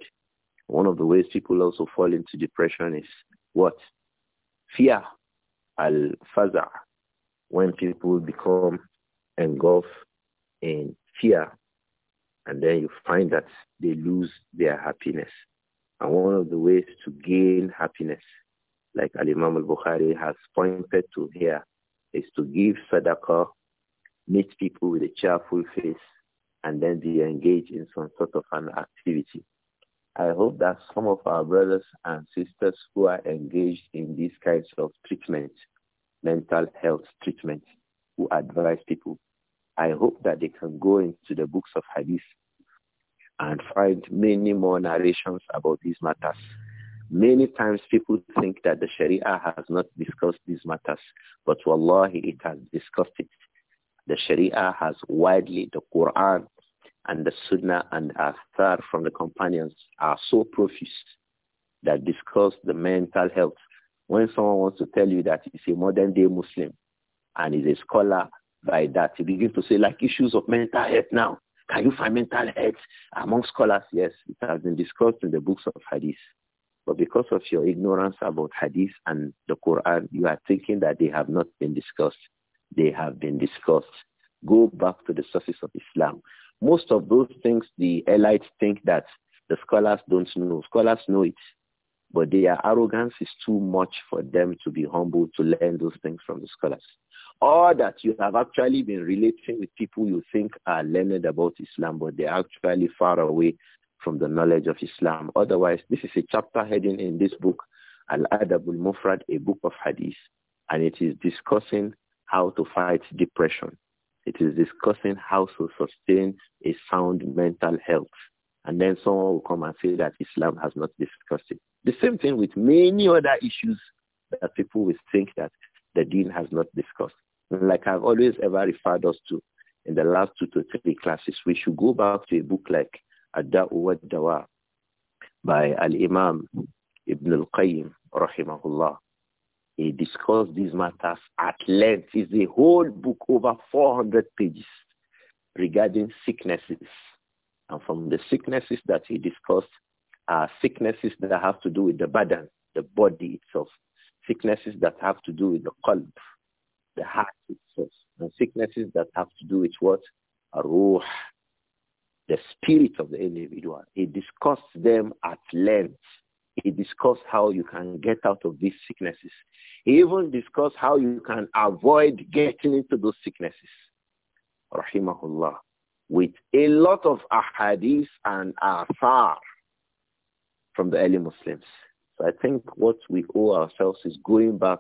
One of the ways people also fall into depression is what? Fear. Al-Faza when people become engulfed in fear, and then you find that they lose their happiness. And one of the ways to gain happiness, like Al-Imam al-Bukhari has pointed to here, is to give sadaqah, meet people with a cheerful face, and then be engaged in some sort of an activity. I hope that some of our brothers and sisters who are engaged in these kinds of treatments mental health treatment who advise people. I hope that they can go into the books of Hadith and find many more narrations about these matters. Many times people think that the Sharia has not discussed these matters, but wallahi it has discussed it. The Sharia has widely, the Quran and the Sunnah and Athar from the companions are so profuse that discuss the mental health when someone wants to tell you that he's a modern day Muslim and he's a scholar by that, he begins to say like issues of mental health now. Can you find mental health among scholars? Yes, it has been discussed in the books of hadith. But because of your ignorance about hadith and the Quran, you are thinking that they have not been discussed. They have been discussed. Go back to the sources of Islam. Most of those things the elites think that the scholars don't know. Scholars know it. But their arrogance is too much for them to be humble to learn those things from the scholars. Or that you have actually been relating with people you think are learned about Islam, but they're actually far away from the knowledge of Islam. Otherwise, this is a chapter heading in this book, Al-Adabul Mufrad, a book of hadith, and it is discussing how to fight depression. It is discussing how to sustain a sound mental health. And then someone will come and say that Islam has not discussed it. The same thing with many other issues that people will think that the dean has not discussed. Like I've always ever referred us to in the last two to three classes, we should go back to a book like Ad-Da'u dawa by Al-Imam Ibn al-Qayyim, rahimahullah. He discussed these matters at length. It's a whole book over 400 pages regarding sicknesses. And from the sicknesses that he discussed, sicknesses that have to do with the body, the body itself, sicknesses that have to do with the qalb, the heart itself, and sicknesses that have to do with what? A ruh, the spirit of the individual. He discussed them at length. He discussed how you can get out of these sicknesses. He even discussed how you can avoid getting into those sicknesses. Rahimahullah. With a lot of ahadith and afar from the early Muslims. So I think what we owe ourselves is going back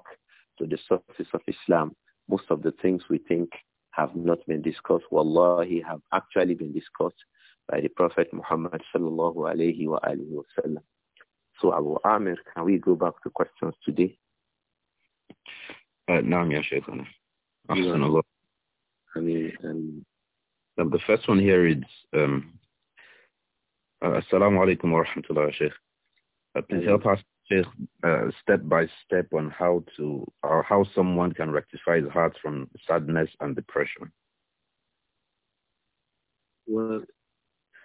to the sources of Islam. Most of the things we think have not been discussed, wallahi, have actually been discussed by the Prophet Muhammad sallallahu alayhi wa alihi wa sallam. So Abu Amir, can we go back to questions today? Uh, Naam, Ya Shaykhana. Ahsanallah. I mean, um, um, the first one here is, um, uh, Assalamu alaikum wa rahmatullahi wa please help us uh, step by step on how to or how someone can rectify his heart from sadness and depression. Well,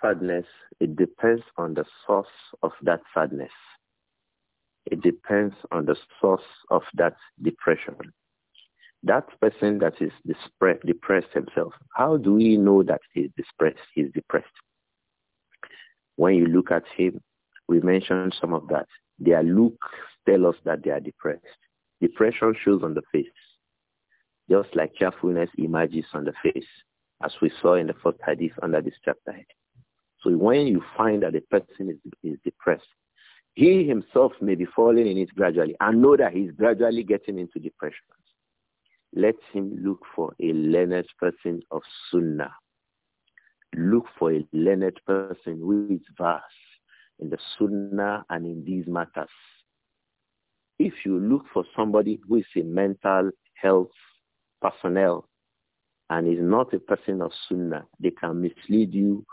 sadness, it depends on the source of that sadness. It depends on the source of that depression. That person that is depressed himself, how do we know that he's depressed? He's depressed. When you look at him, we mentioned some of that. Their looks tell us that they are depressed. Depression shows on the face, just like cheerfulness emerges on the face, as we saw in the first hadith under this chapter. So when you find that a person is, is depressed, he himself may be falling in it gradually and know that he's gradually getting into depression. Let him look for a learned person of Sunnah. Look for a learned person who is vast, in the Sunnah and in these matters. If you look for somebody who is a mental health personnel and is not a person of Sunnah, they can mislead you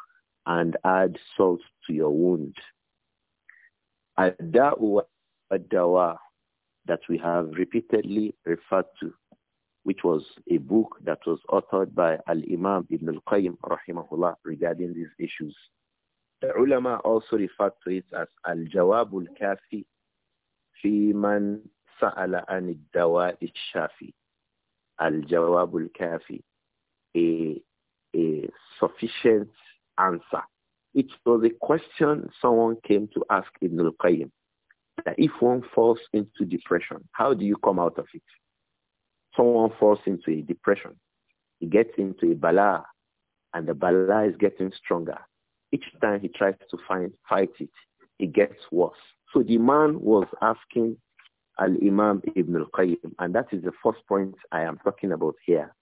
and add salt to your wound. Ad-Dawa that we have repeatedly referred to, which was a book that was authored by Al-Imam Ibn al-Qayyim rahimahullah regarding these issues. The ulama also referred to it as al-jawabul kafi fi man sa'ala an dawa shafi Al-jawabul kafi, a, a sufficient answer. It was a question someone came to ask Ibn al-Qayyim. That if one falls into depression, how do you come out of it? Someone falls into a depression. He gets into a bala, and the bala is getting stronger each time he tries to find, fight it, it gets worse. So the man was asking Al-Imam Ibn al-Qayyim, and that is the first point I am talking about here.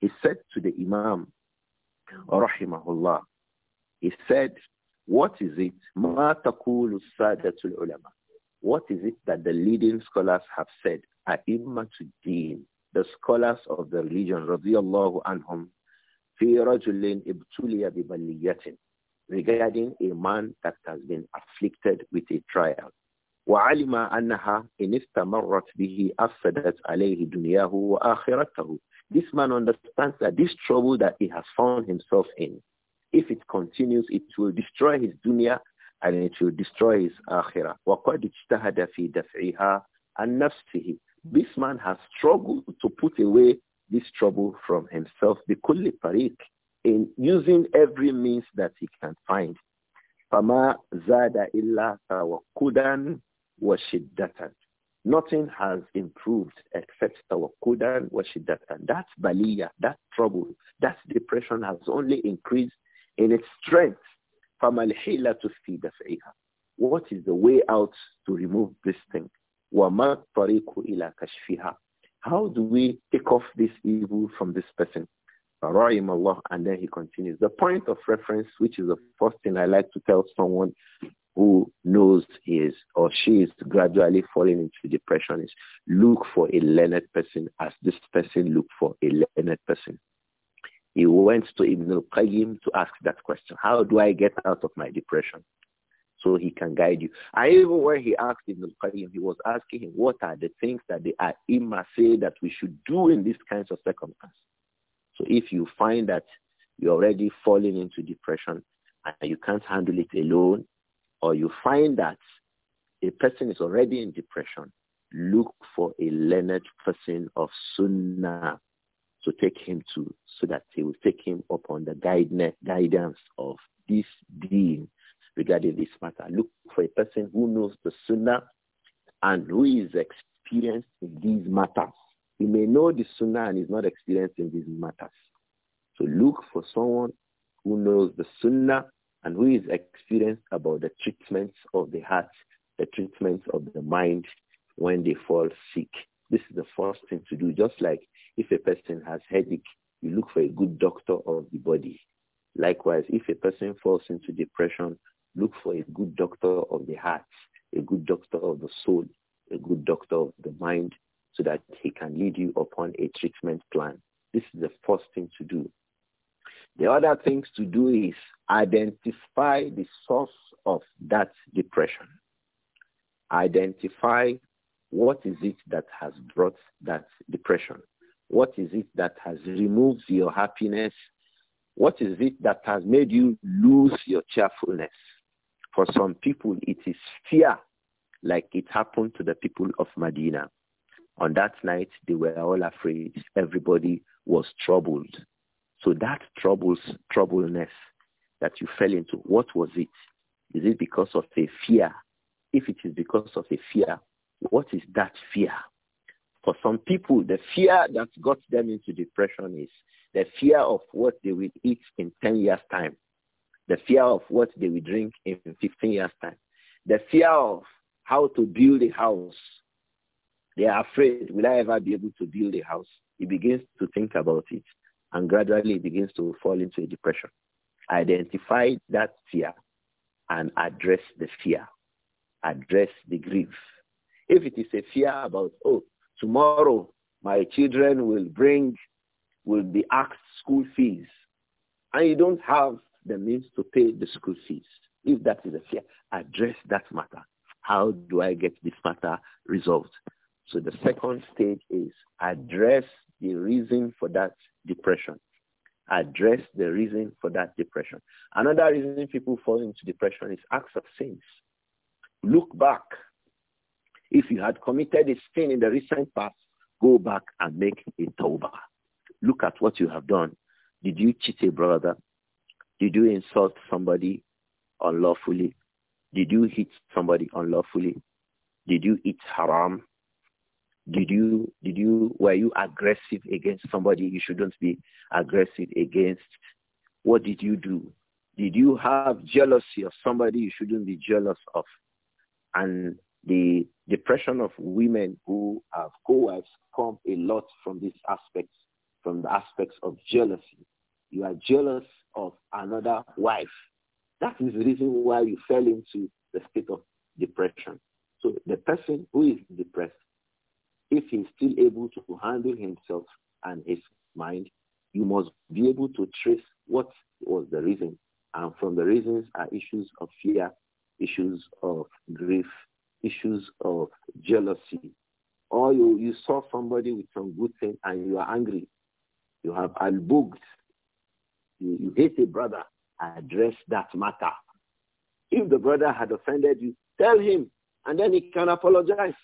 He said to the Imam, rahimahullah, he said, what is it? Ma تقول السادة ulama? What is it that the leading scholars have said? A'immatu deen, the scholars of the religion, radiyallahu anhum, في رجل ابتلي ببلية regarding a man that has been afflicted with a trial. وعلم أنها إن استمرت به أفسدت عليه دنياه وآخرته. This man understands that this trouble that he has found himself in, if it continues, it will destroy his dunya and it will destroy his akhirah. وقد اجتهد في دفعها عن نفسه. This man has struggled to put away this trouble from himself بكل طريق in using every means that he can find. zada زَادَ إِلَّا تَوَكُّدًا وَشِدَّةً Nothing has improved except tawakkudan wa shiddatan. That baliya, that trouble, that depression has only increased in its strength. فَمَلْحِيلَةُ فِي دَفْعِهَا What is the way out to remove this thing? وَمَا طَرِيقُ إِلَى How do we take off this evil from this person? Rahim Allah, and then he continues. The point of reference, which is the first thing I like to tell someone who knows he is or she is gradually falling into depression is look for a learned person as this person looked for a learned person. He went to Ibn al-Qayyim to ask that question. How do I get out of my depression? So he can guide you. And even when he asked Ibn al-Qayyim, he was asking him, what are the things that the Aima say that we should do in these kinds of circumstances? So if you find that you're already falling into depression and you can't handle it alone, or you find that a person is already in depression, look for a learned person of sunnah to take him to so that he will take him upon the guidance of this deen regarding this matter. Look for a person who knows the sunnah and who is experienced in these matters he may know the sunnah and is not experienced in these matters. So look for someone who knows the sunnah and who is experienced about the treatments of the heart, the treatments of the mind when they fall sick. This is the first thing to do. Just like if a person has headache, you look for a good doctor of the body. Likewise, if a person falls into depression, look for a good doctor of the heart, a good doctor of the soul, a good doctor of the mind, so that he can lead you upon a treatment plan. This is the first thing to do. The other things to do is identify the source of that depression. Identify what is it that has brought that depression? What is it that has removed your happiness? What is it that has made you lose your cheerfulness? For some people, it is fear, like it happened to the people of Medina. On that night, they were all afraid. Everybody was troubled. So that troubles, troubleness that you fell into, what was it? Is it because of a fear? If it is because of a fear, what is that fear? For some people, the fear that got them into depression is the fear of what they will eat in 10 years' time, the fear of what they will drink in 15 years' time, the fear of how to build a house, they are afraid, will I ever be able to build a house? He begins to think about it and gradually begins to fall into a depression. Identify that fear and address the fear. Address the grief. If it is a fear about, oh, tomorrow my children will bring, will be asked school fees, and you don't have the means to pay the school fees, if that is a fear, address that matter. How do I get this matter resolved? So the second stage is address the reason for that depression. Address the reason for that depression. Another reason people fall into depression is acts of sins. Look back. If you had committed a sin in the recent past, go back and make a tawbah. Look at what you have done. Did you cheat a brother? Did you insult somebody unlawfully? Did you hit somebody unlawfully? Did you eat haram? Did you, did you, were you aggressive against somebody you shouldn't be aggressive against? What did you do? Did you have jealousy of somebody you shouldn't be jealous of? And the depression of women who have co-wives come a lot from these aspects, from the aspects of jealousy. You are jealous of another wife. That is the reason why you fell into the state of depression. So the person who is depressed if he's still able to handle himself and his mind, you must be able to trace what was the reason. And from the reasons are issues of fear, issues of grief, issues of jealousy. Or you, you saw somebody with some good thing and you are angry. You have albugs, You, you hate a brother. Address that matter. If the brother had offended you, tell him and then he can apologize.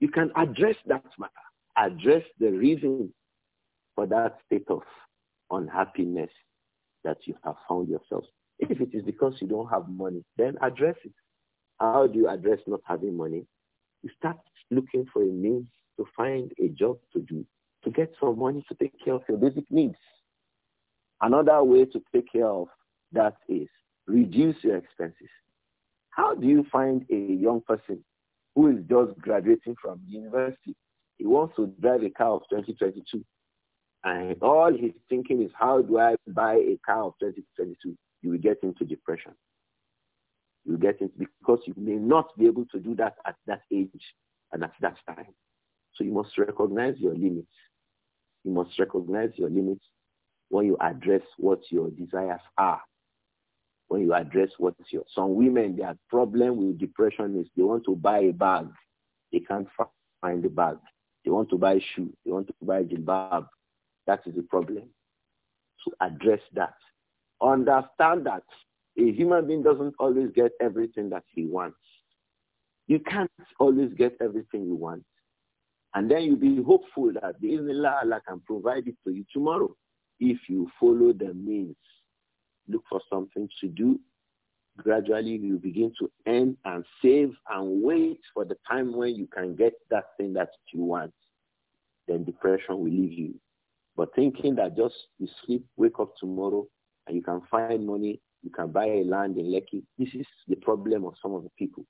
You can address that matter. Address the reason for that state of unhappiness that you have found yourself. If it is because you don't have money, then address it. How do you address not having money? You start looking for a means to find a job to do, to get some money to take care of your basic needs. Another way to take care of that is reduce your expenses. How do you find a young person who is just graduating from university. He wants to drive a car of 2022. And all he's thinking is, how do I buy a car of 2022? You will get into depression. You will get into, because you may not be able to do that at that age and at that time. So you must recognize your limits. You must recognize your limits when you address what your desires are when you address what is your. Some women, their problem with depression is they want to buy a bag. They can't find the bag. They want to buy a shoe. They want to buy a jilbab. That is the problem. To so address that. Understand that a human being doesn't always get everything that he wants. You can't always get everything you want. And then you be hopeful that the Allah can provide it to you tomorrow if you follow the means look for something to do. Gradually, you begin to earn and save and wait for the time when you can get that thing that you want. Then depression will leave you. But thinking that just you sleep, wake up tomorrow, and you can find money, you can buy a land in Lekki. This is the problem of some of the people.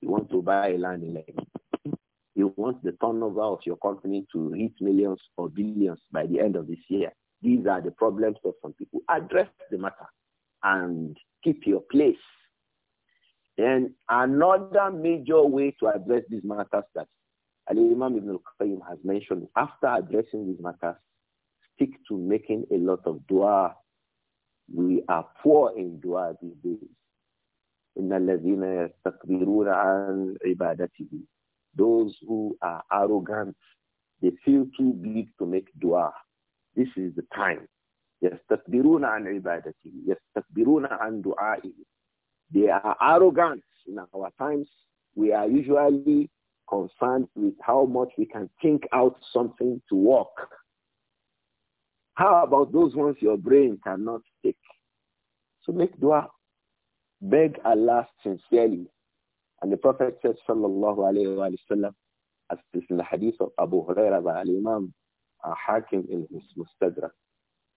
You want to buy a land in Lekki. You want the turnover of your company to hit millions or billions by the end of this year these are the problems of some people. Address the matter and keep your place. Then another major way to address these matters that Ali imam Ibn al-Qayyim has mentioned, after addressing these matters, stick to making a lot of dua. We are poor in dua these days. Those who are arrogant, they feel too big to make dua. This is the time. يستكبرون عن عبادته يستكبرون عن دعائه They are arrogant in our times. We are usually concerned with how much we can think out something to work. How about those ones your brain cannot take? So make dua. Beg Allah sincerely. And the Prophet said, sallallahu alayhi wa sallam, as is in the hadith of Abu Hurairah by Imam Hakim in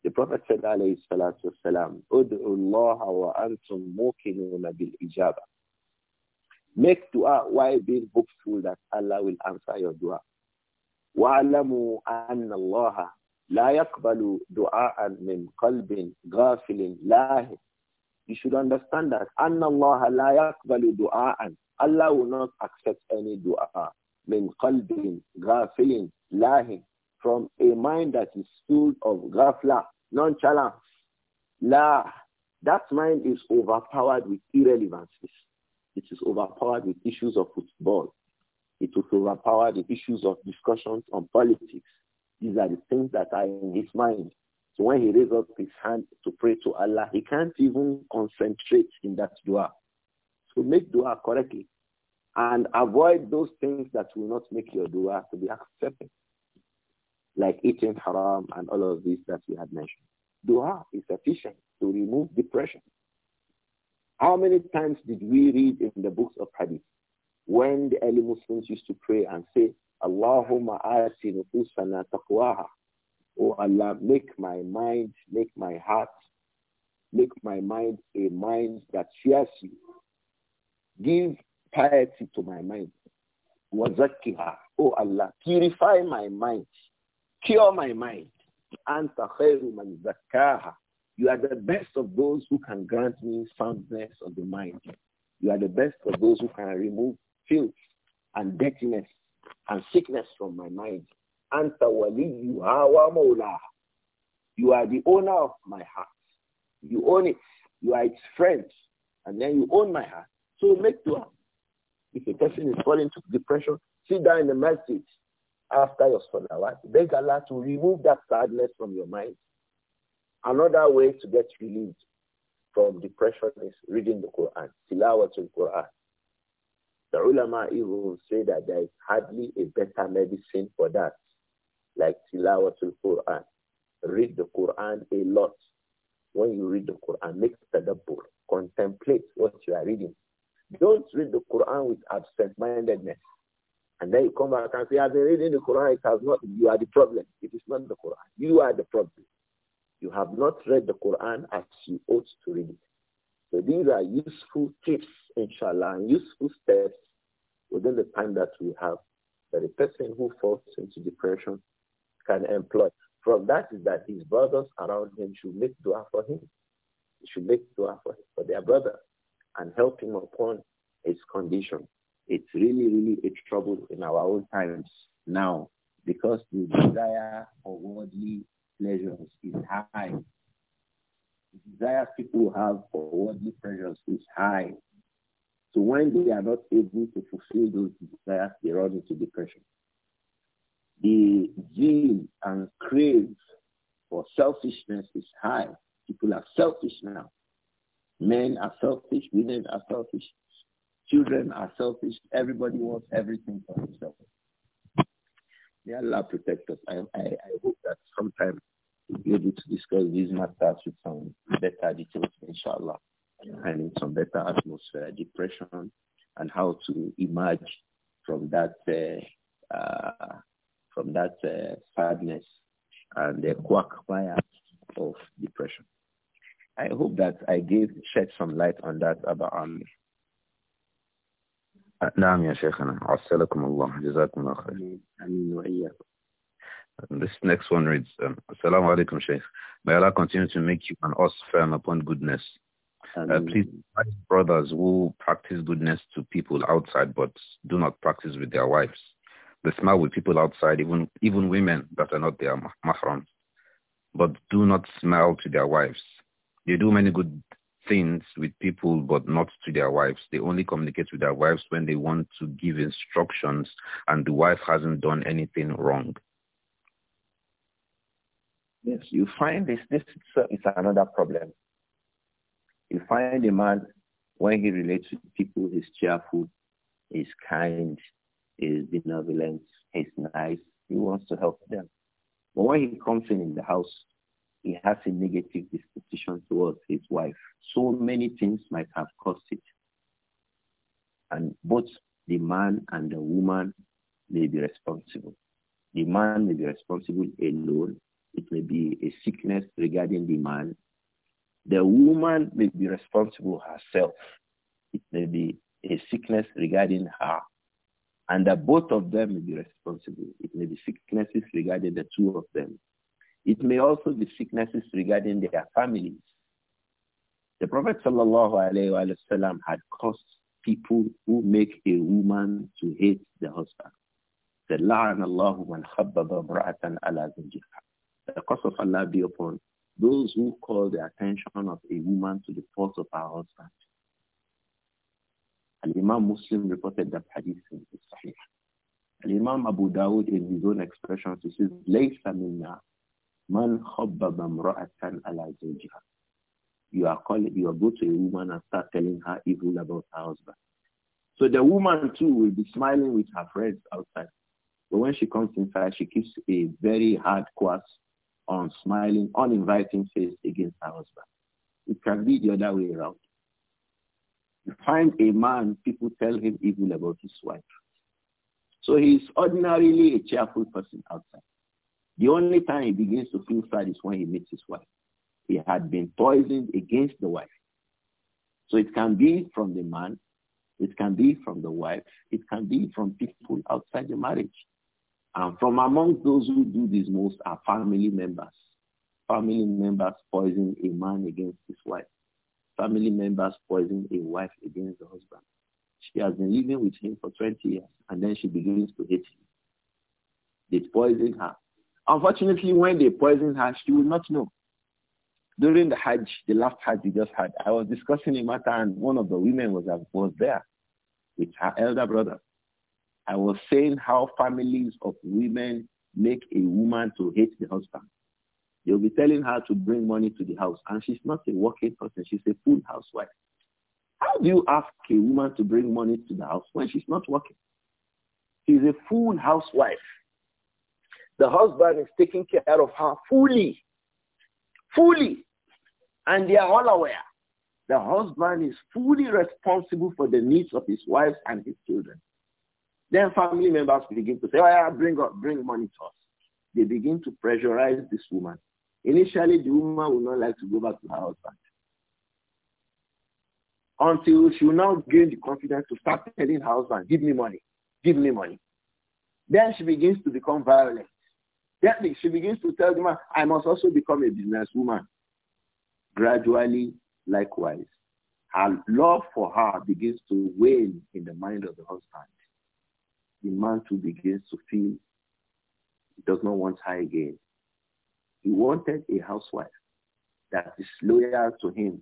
The Prophet said, alayhi salatu wasalam, Ud'u Allah wa antum muqinuna Make dua while being hopeful that Allah will answer your dua. وَعَلَمُوا أَنَّ اللَّهَ لَا يَقْبَلُ دُعَاءً مِنْ قَلْبٍ غَافِلٍ لَاهِ You should understand that أَنَّ اللَّهَ لَا يَقْبَلُ دُعَاءً Allah will not accept any dua مِنْ قَلْبٍ غَافِلٍ لَاهِ from a mind that is full of gaffla, nonchalance. La, that mind is overpowered with irrelevancies. It is overpowered with issues of football. It is overpowered with issues of discussions on politics. These are the things that are in his mind. So when he raises up his hand to pray to Allah, he can't even concentrate in that dua. So make dua correctly and avoid those things that will not make your dua to be accepted like eating haram and all of these that we had mentioned. Dua is sufficient to remove depression. How many times did we read in the books of hadith when the early Muslims used to pray and say, Allahumma aati nufusana taqwaha. Oh Allah, make my mind, make my heart, make my mind a mind that fears you. Give piety to my mind. Wazakkiha. Oh Allah, purify my mind. Cure my mind. Anta man You are the best of those who can grant me soundness of the mind. You are the best of those who can remove filth and dirtiness and sickness from my mind. Anta waliyuha wa mawlaha. You are the owner of my heart. You own it. You are its friend. And then you own my heart. So make dua. If a person is falling into depression, sit down in the message after your salawat, beg Allah to remove that sadness from your mind. Another way to get relieved from depression is reading the Quran, tilawatul Quran. The ulama even say that there is hardly a better medicine for that, like tilawatul Quran. Read the Quran a lot. When you read the Quran, make tadabbur, contemplate what you are reading. Don't read the Quran with absent-mindedness. And then you come back and say, I've been reading the Quran, it has not, you are the problem. It is not the Quran. You are the problem. You have not read the Quran as you ought to read it. So these are useful tips, inshallah, and useful steps within the time that we have that a person who falls into depression can employ. From that is that his brothers around him should make dua for him. should make dua for, him, for their brother and help him upon his condition. It's really, really a trouble in our own times now because the desire for worldly pleasures is high. The desire people have for worldly pleasures is high. So when they are not able to fulfill those desires, they run into depression. The zeal and crave for selfishness is high. People are selfish now. Men are selfish, women are selfish. Children are selfish. Everybody wants everything for himself. May Allah protect us. I, I, I hope that sometime we'll be able to discuss these matters with some better details, inshallah, and in some better atmosphere, depression, and how to emerge from that uh, uh, from that uh, sadness and the quagmire of depression. I hope that I gave shed some light on that, Abba Amir. نعم يا شيخنا عسلكم الله جزاكم الله خير آمين وإياكم This next one reads, um, Assalamu alaikum, Shaykh. May Allah continue to make you and us firm upon goodness. Uh, please, brothers who practice goodness to people outside but do not practice with their wives. They smile with people outside, even even women that are not their mahrams, but do not smile to their wives. They do many good things with people, but not to their wives. They only communicate with their wives when they want to give instructions and the wife hasn't done anything wrong. Yes, you find this. This is another problem. You find a man, when he relates with people, he's cheerful, he's kind, he's benevolent, he's nice. He wants to help them. But when he comes in, in the house, he has a negative disposition towards his wife. So many things might have caused it. And both the man and the woman may be responsible. The man may be responsible alone. It may be a sickness regarding the man. The woman may be responsible herself. It may be a sickness regarding her. And the both of them may be responsible. It may be sicknesses regarding the two of them. It may also be sicknesses regarding their families. The Prophet ﷺ had cursed people who make a woman to hate the husband. The La'an Allahu ala The curse of Allah be upon those who call the attention of a woman to the fault of her husband. Al-Imam Muslim reported that hadith in his Sahih. Al-Imam Abu Dawud in his own expression he says, Man ala You are calling, you are go to a woman and start telling her evil about her husband. So the woman too will be smiling with her friends outside. But when she comes inside, she keeps a very hard course on smiling, uninviting face against her husband. It can be the other way around. You find a man, people tell him evil about his wife. So he's ordinarily a cheerful person outside. The only time he begins to feel sad is when he meets his wife. He had been poisoned against the wife. So it can be from the man, it can be from the wife, it can be from people outside the marriage. And from among those who do this most are family members. Family members poison a man against his wife. Family members poison a wife against the husband. She has been living with him for 20 years and then she begins to hate him. They poison her. Unfortunately, when they poison her, she will not know. During the Hajj, the last Hajj we just had, I was discussing a matter and one of the women was, was there with her elder brother. I was saying how families of women make a woman to hate the husband. They'll be telling her to bring money to the house. And she's not a working person. She's a full housewife. How do you ask a woman to bring money to the house when she's not working? She's a full housewife the husband is taking care of her fully, fully, and they are all aware. The husband is fully responsible for the needs of his wife and his children. Then family members begin to say, oh, yeah, bring, up, bring money to us. They begin to pressurize this woman. Initially, the woman will not like to go back to her husband until she will now gain the confidence to start telling her husband, give me money, give me money. Then she begins to become violent. Gently, she begins to tell the man, I must also become a businesswoman. Gradually, likewise, her love for her begins to wane in the mind of the husband. The man too begins to feel he does not want her again. He wanted a housewife that is loyal to him.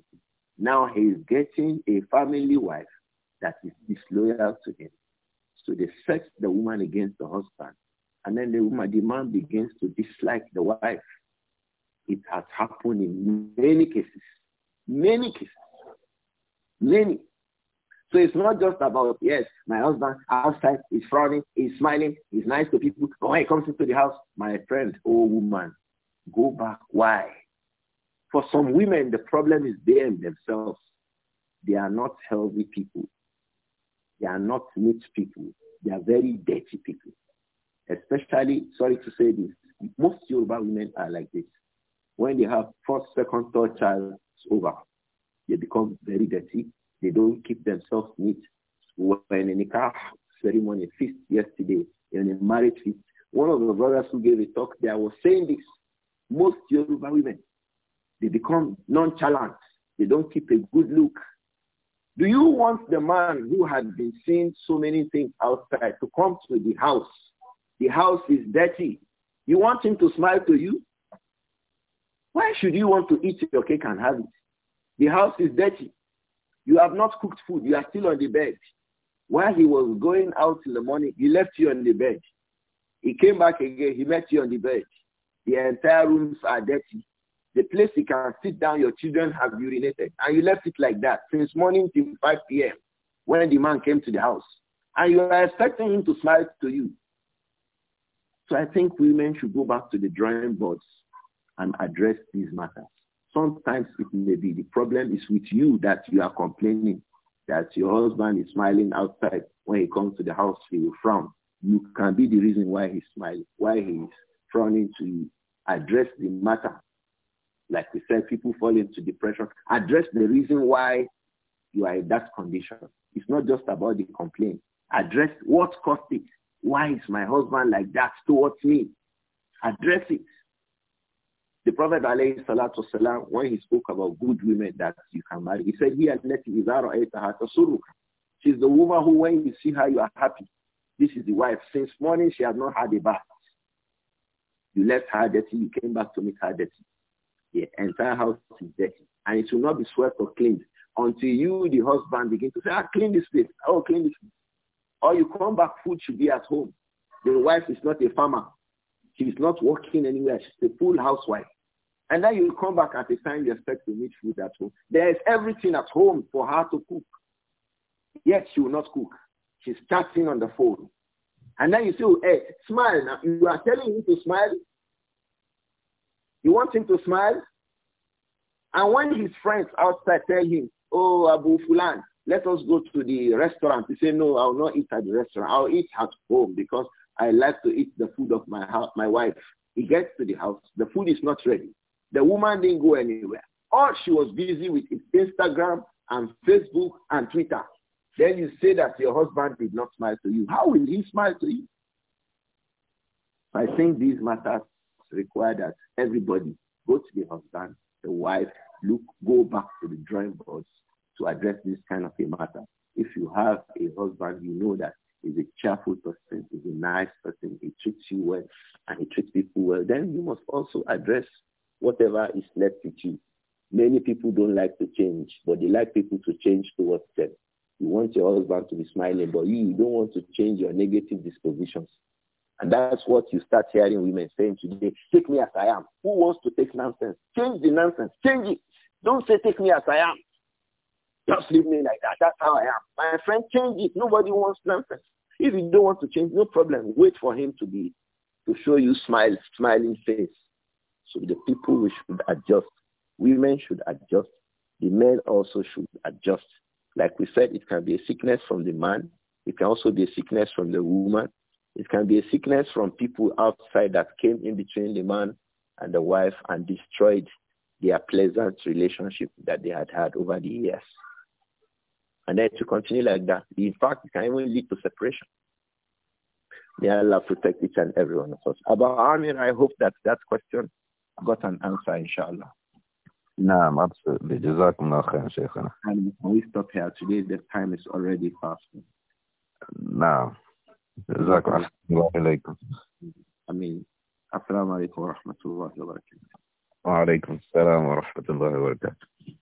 Now he is getting a family wife that is disloyal to him. So they set the woman against the husband. And then the woman, the man begins to dislike the wife. It has happened in many cases. Many cases. Many. So it's not just about, yes, my husband outside is frowning, he's smiling, he's nice to people. But when he comes into the house, my friend, oh woman, go back. Why? For some women, the problem is they themselves. They are not healthy people. They are not neat people. They are very dirty people. Especially, sorry to say this, most Yoruba women are like this. When they have first, second, third child, it's over. They become very dirty. They don't keep themselves neat. When in a car ceremony feast yesterday, in a marriage feast, one of the brothers who gave a talk there was saying this. Most Yoruba women, they become nonchalant. They don't keep a good look. Do you want the man who had been seeing so many things outside to come to the house the house is dirty. You want him to smile to you? Why should you want to eat your cake and have it? The house is dirty. You have not cooked food. You are still on the bed. While he was going out in the morning, he left you on the bed. He came back again. He met you on the bed. The entire rooms are dirty. The place you can sit down, your children have urinated. And you left it like that since morning till 5 p.m. when the man came to the house. And you are expecting him to smile to you. So I think women should go back to the drawing boards and address these matters. Sometimes it may be the problem is with you that you are complaining that your husband is smiling outside. When he comes to the house, he will frown. You can be the reason why he's smiling, why he's frowning to you. Address the matter. Like we said, people fall into depression. Address the reason why you are in that condition. It's not just about the complaint. Address what caused it. Why is my husband like that towards me? Address it. The Prophet والسلام, when he spoke about good women that you can marry, he said, Here She's the woman who when you see her, you are happy. This is the wife. Since morning, she has not had a bath. You left her dirty, you came back to meet her dirty. The entire house is dirty. And it will not be swept or cleaned until you, the husband, begin to say, ah, clean this place. Oh, clean this place. Or you come back, food should be at home. The wife is not a farmer. She is not working anywhere. She's a full housewife. And then you come back at the time you expect to meet food at home. There is everything at home for her to cook. Yet she will not cook. She's chatting on the phone. And then you say, oh, hey, smile. Now, you are telling him to smile. You want him to smile? And when his friends outside tell him, oh, Abu Fulan, let us go to the restaurant. He say, no, I'll not eat at the restaurant. I'll eat at home because I like to eat the food of my, my wife. He gets to the house. The food is not ready. The woman didn't go anywhere. Or she was busy with Instagram and Facebook and Twitter. Then you say that your husband did not smile to you. How will he smile to you? I think these matters require that everybody, go to the husband, the wife, look, go back to the drawing boards to address this kind of a matter. If you have a husband, you know that he's a cheerful person, he's a nice person, he treats you well, and he treats people well, then you must also address whatever is left with you. Many people don't like to change, but they like people to change towards them. You want your husband to be smiling, but you, you don't want to change your negative dispositions. And that's what you start hearing women saying today, take me as I am. Who wants to take nonsense? Change the nonsense. Change it. Don't say take me as I am. Just leave me like that. That's how I am. My friend, change it. Nobody wants nonsense. If you don't want to change, no problem. Wait for him to be, to show you smile, smiling face. So the people we should adjust. Women should adjust. The men also should adjust. Like we said, it can be a sickness from the man. It can also be a sickness from the woman. It can be a sickness from people outside that came in between the man and the wife and destroyed their pleasant relationship that they had had over the years. And then to continue like that, in fact, it can even lead to separation. May Allah protect each and every one of us. About Amir, I hope that that question got an answer, inshallah. Naam, absolutely. Jazakumullah khairan, Shaykhana. And we stop here today. The time is already past. Naam. Jazakumullah alaikum. I mean, assalamu alaikum wa rahmatullahi wa barakatuh. وعليكم السلام ورحمة الله وبركاته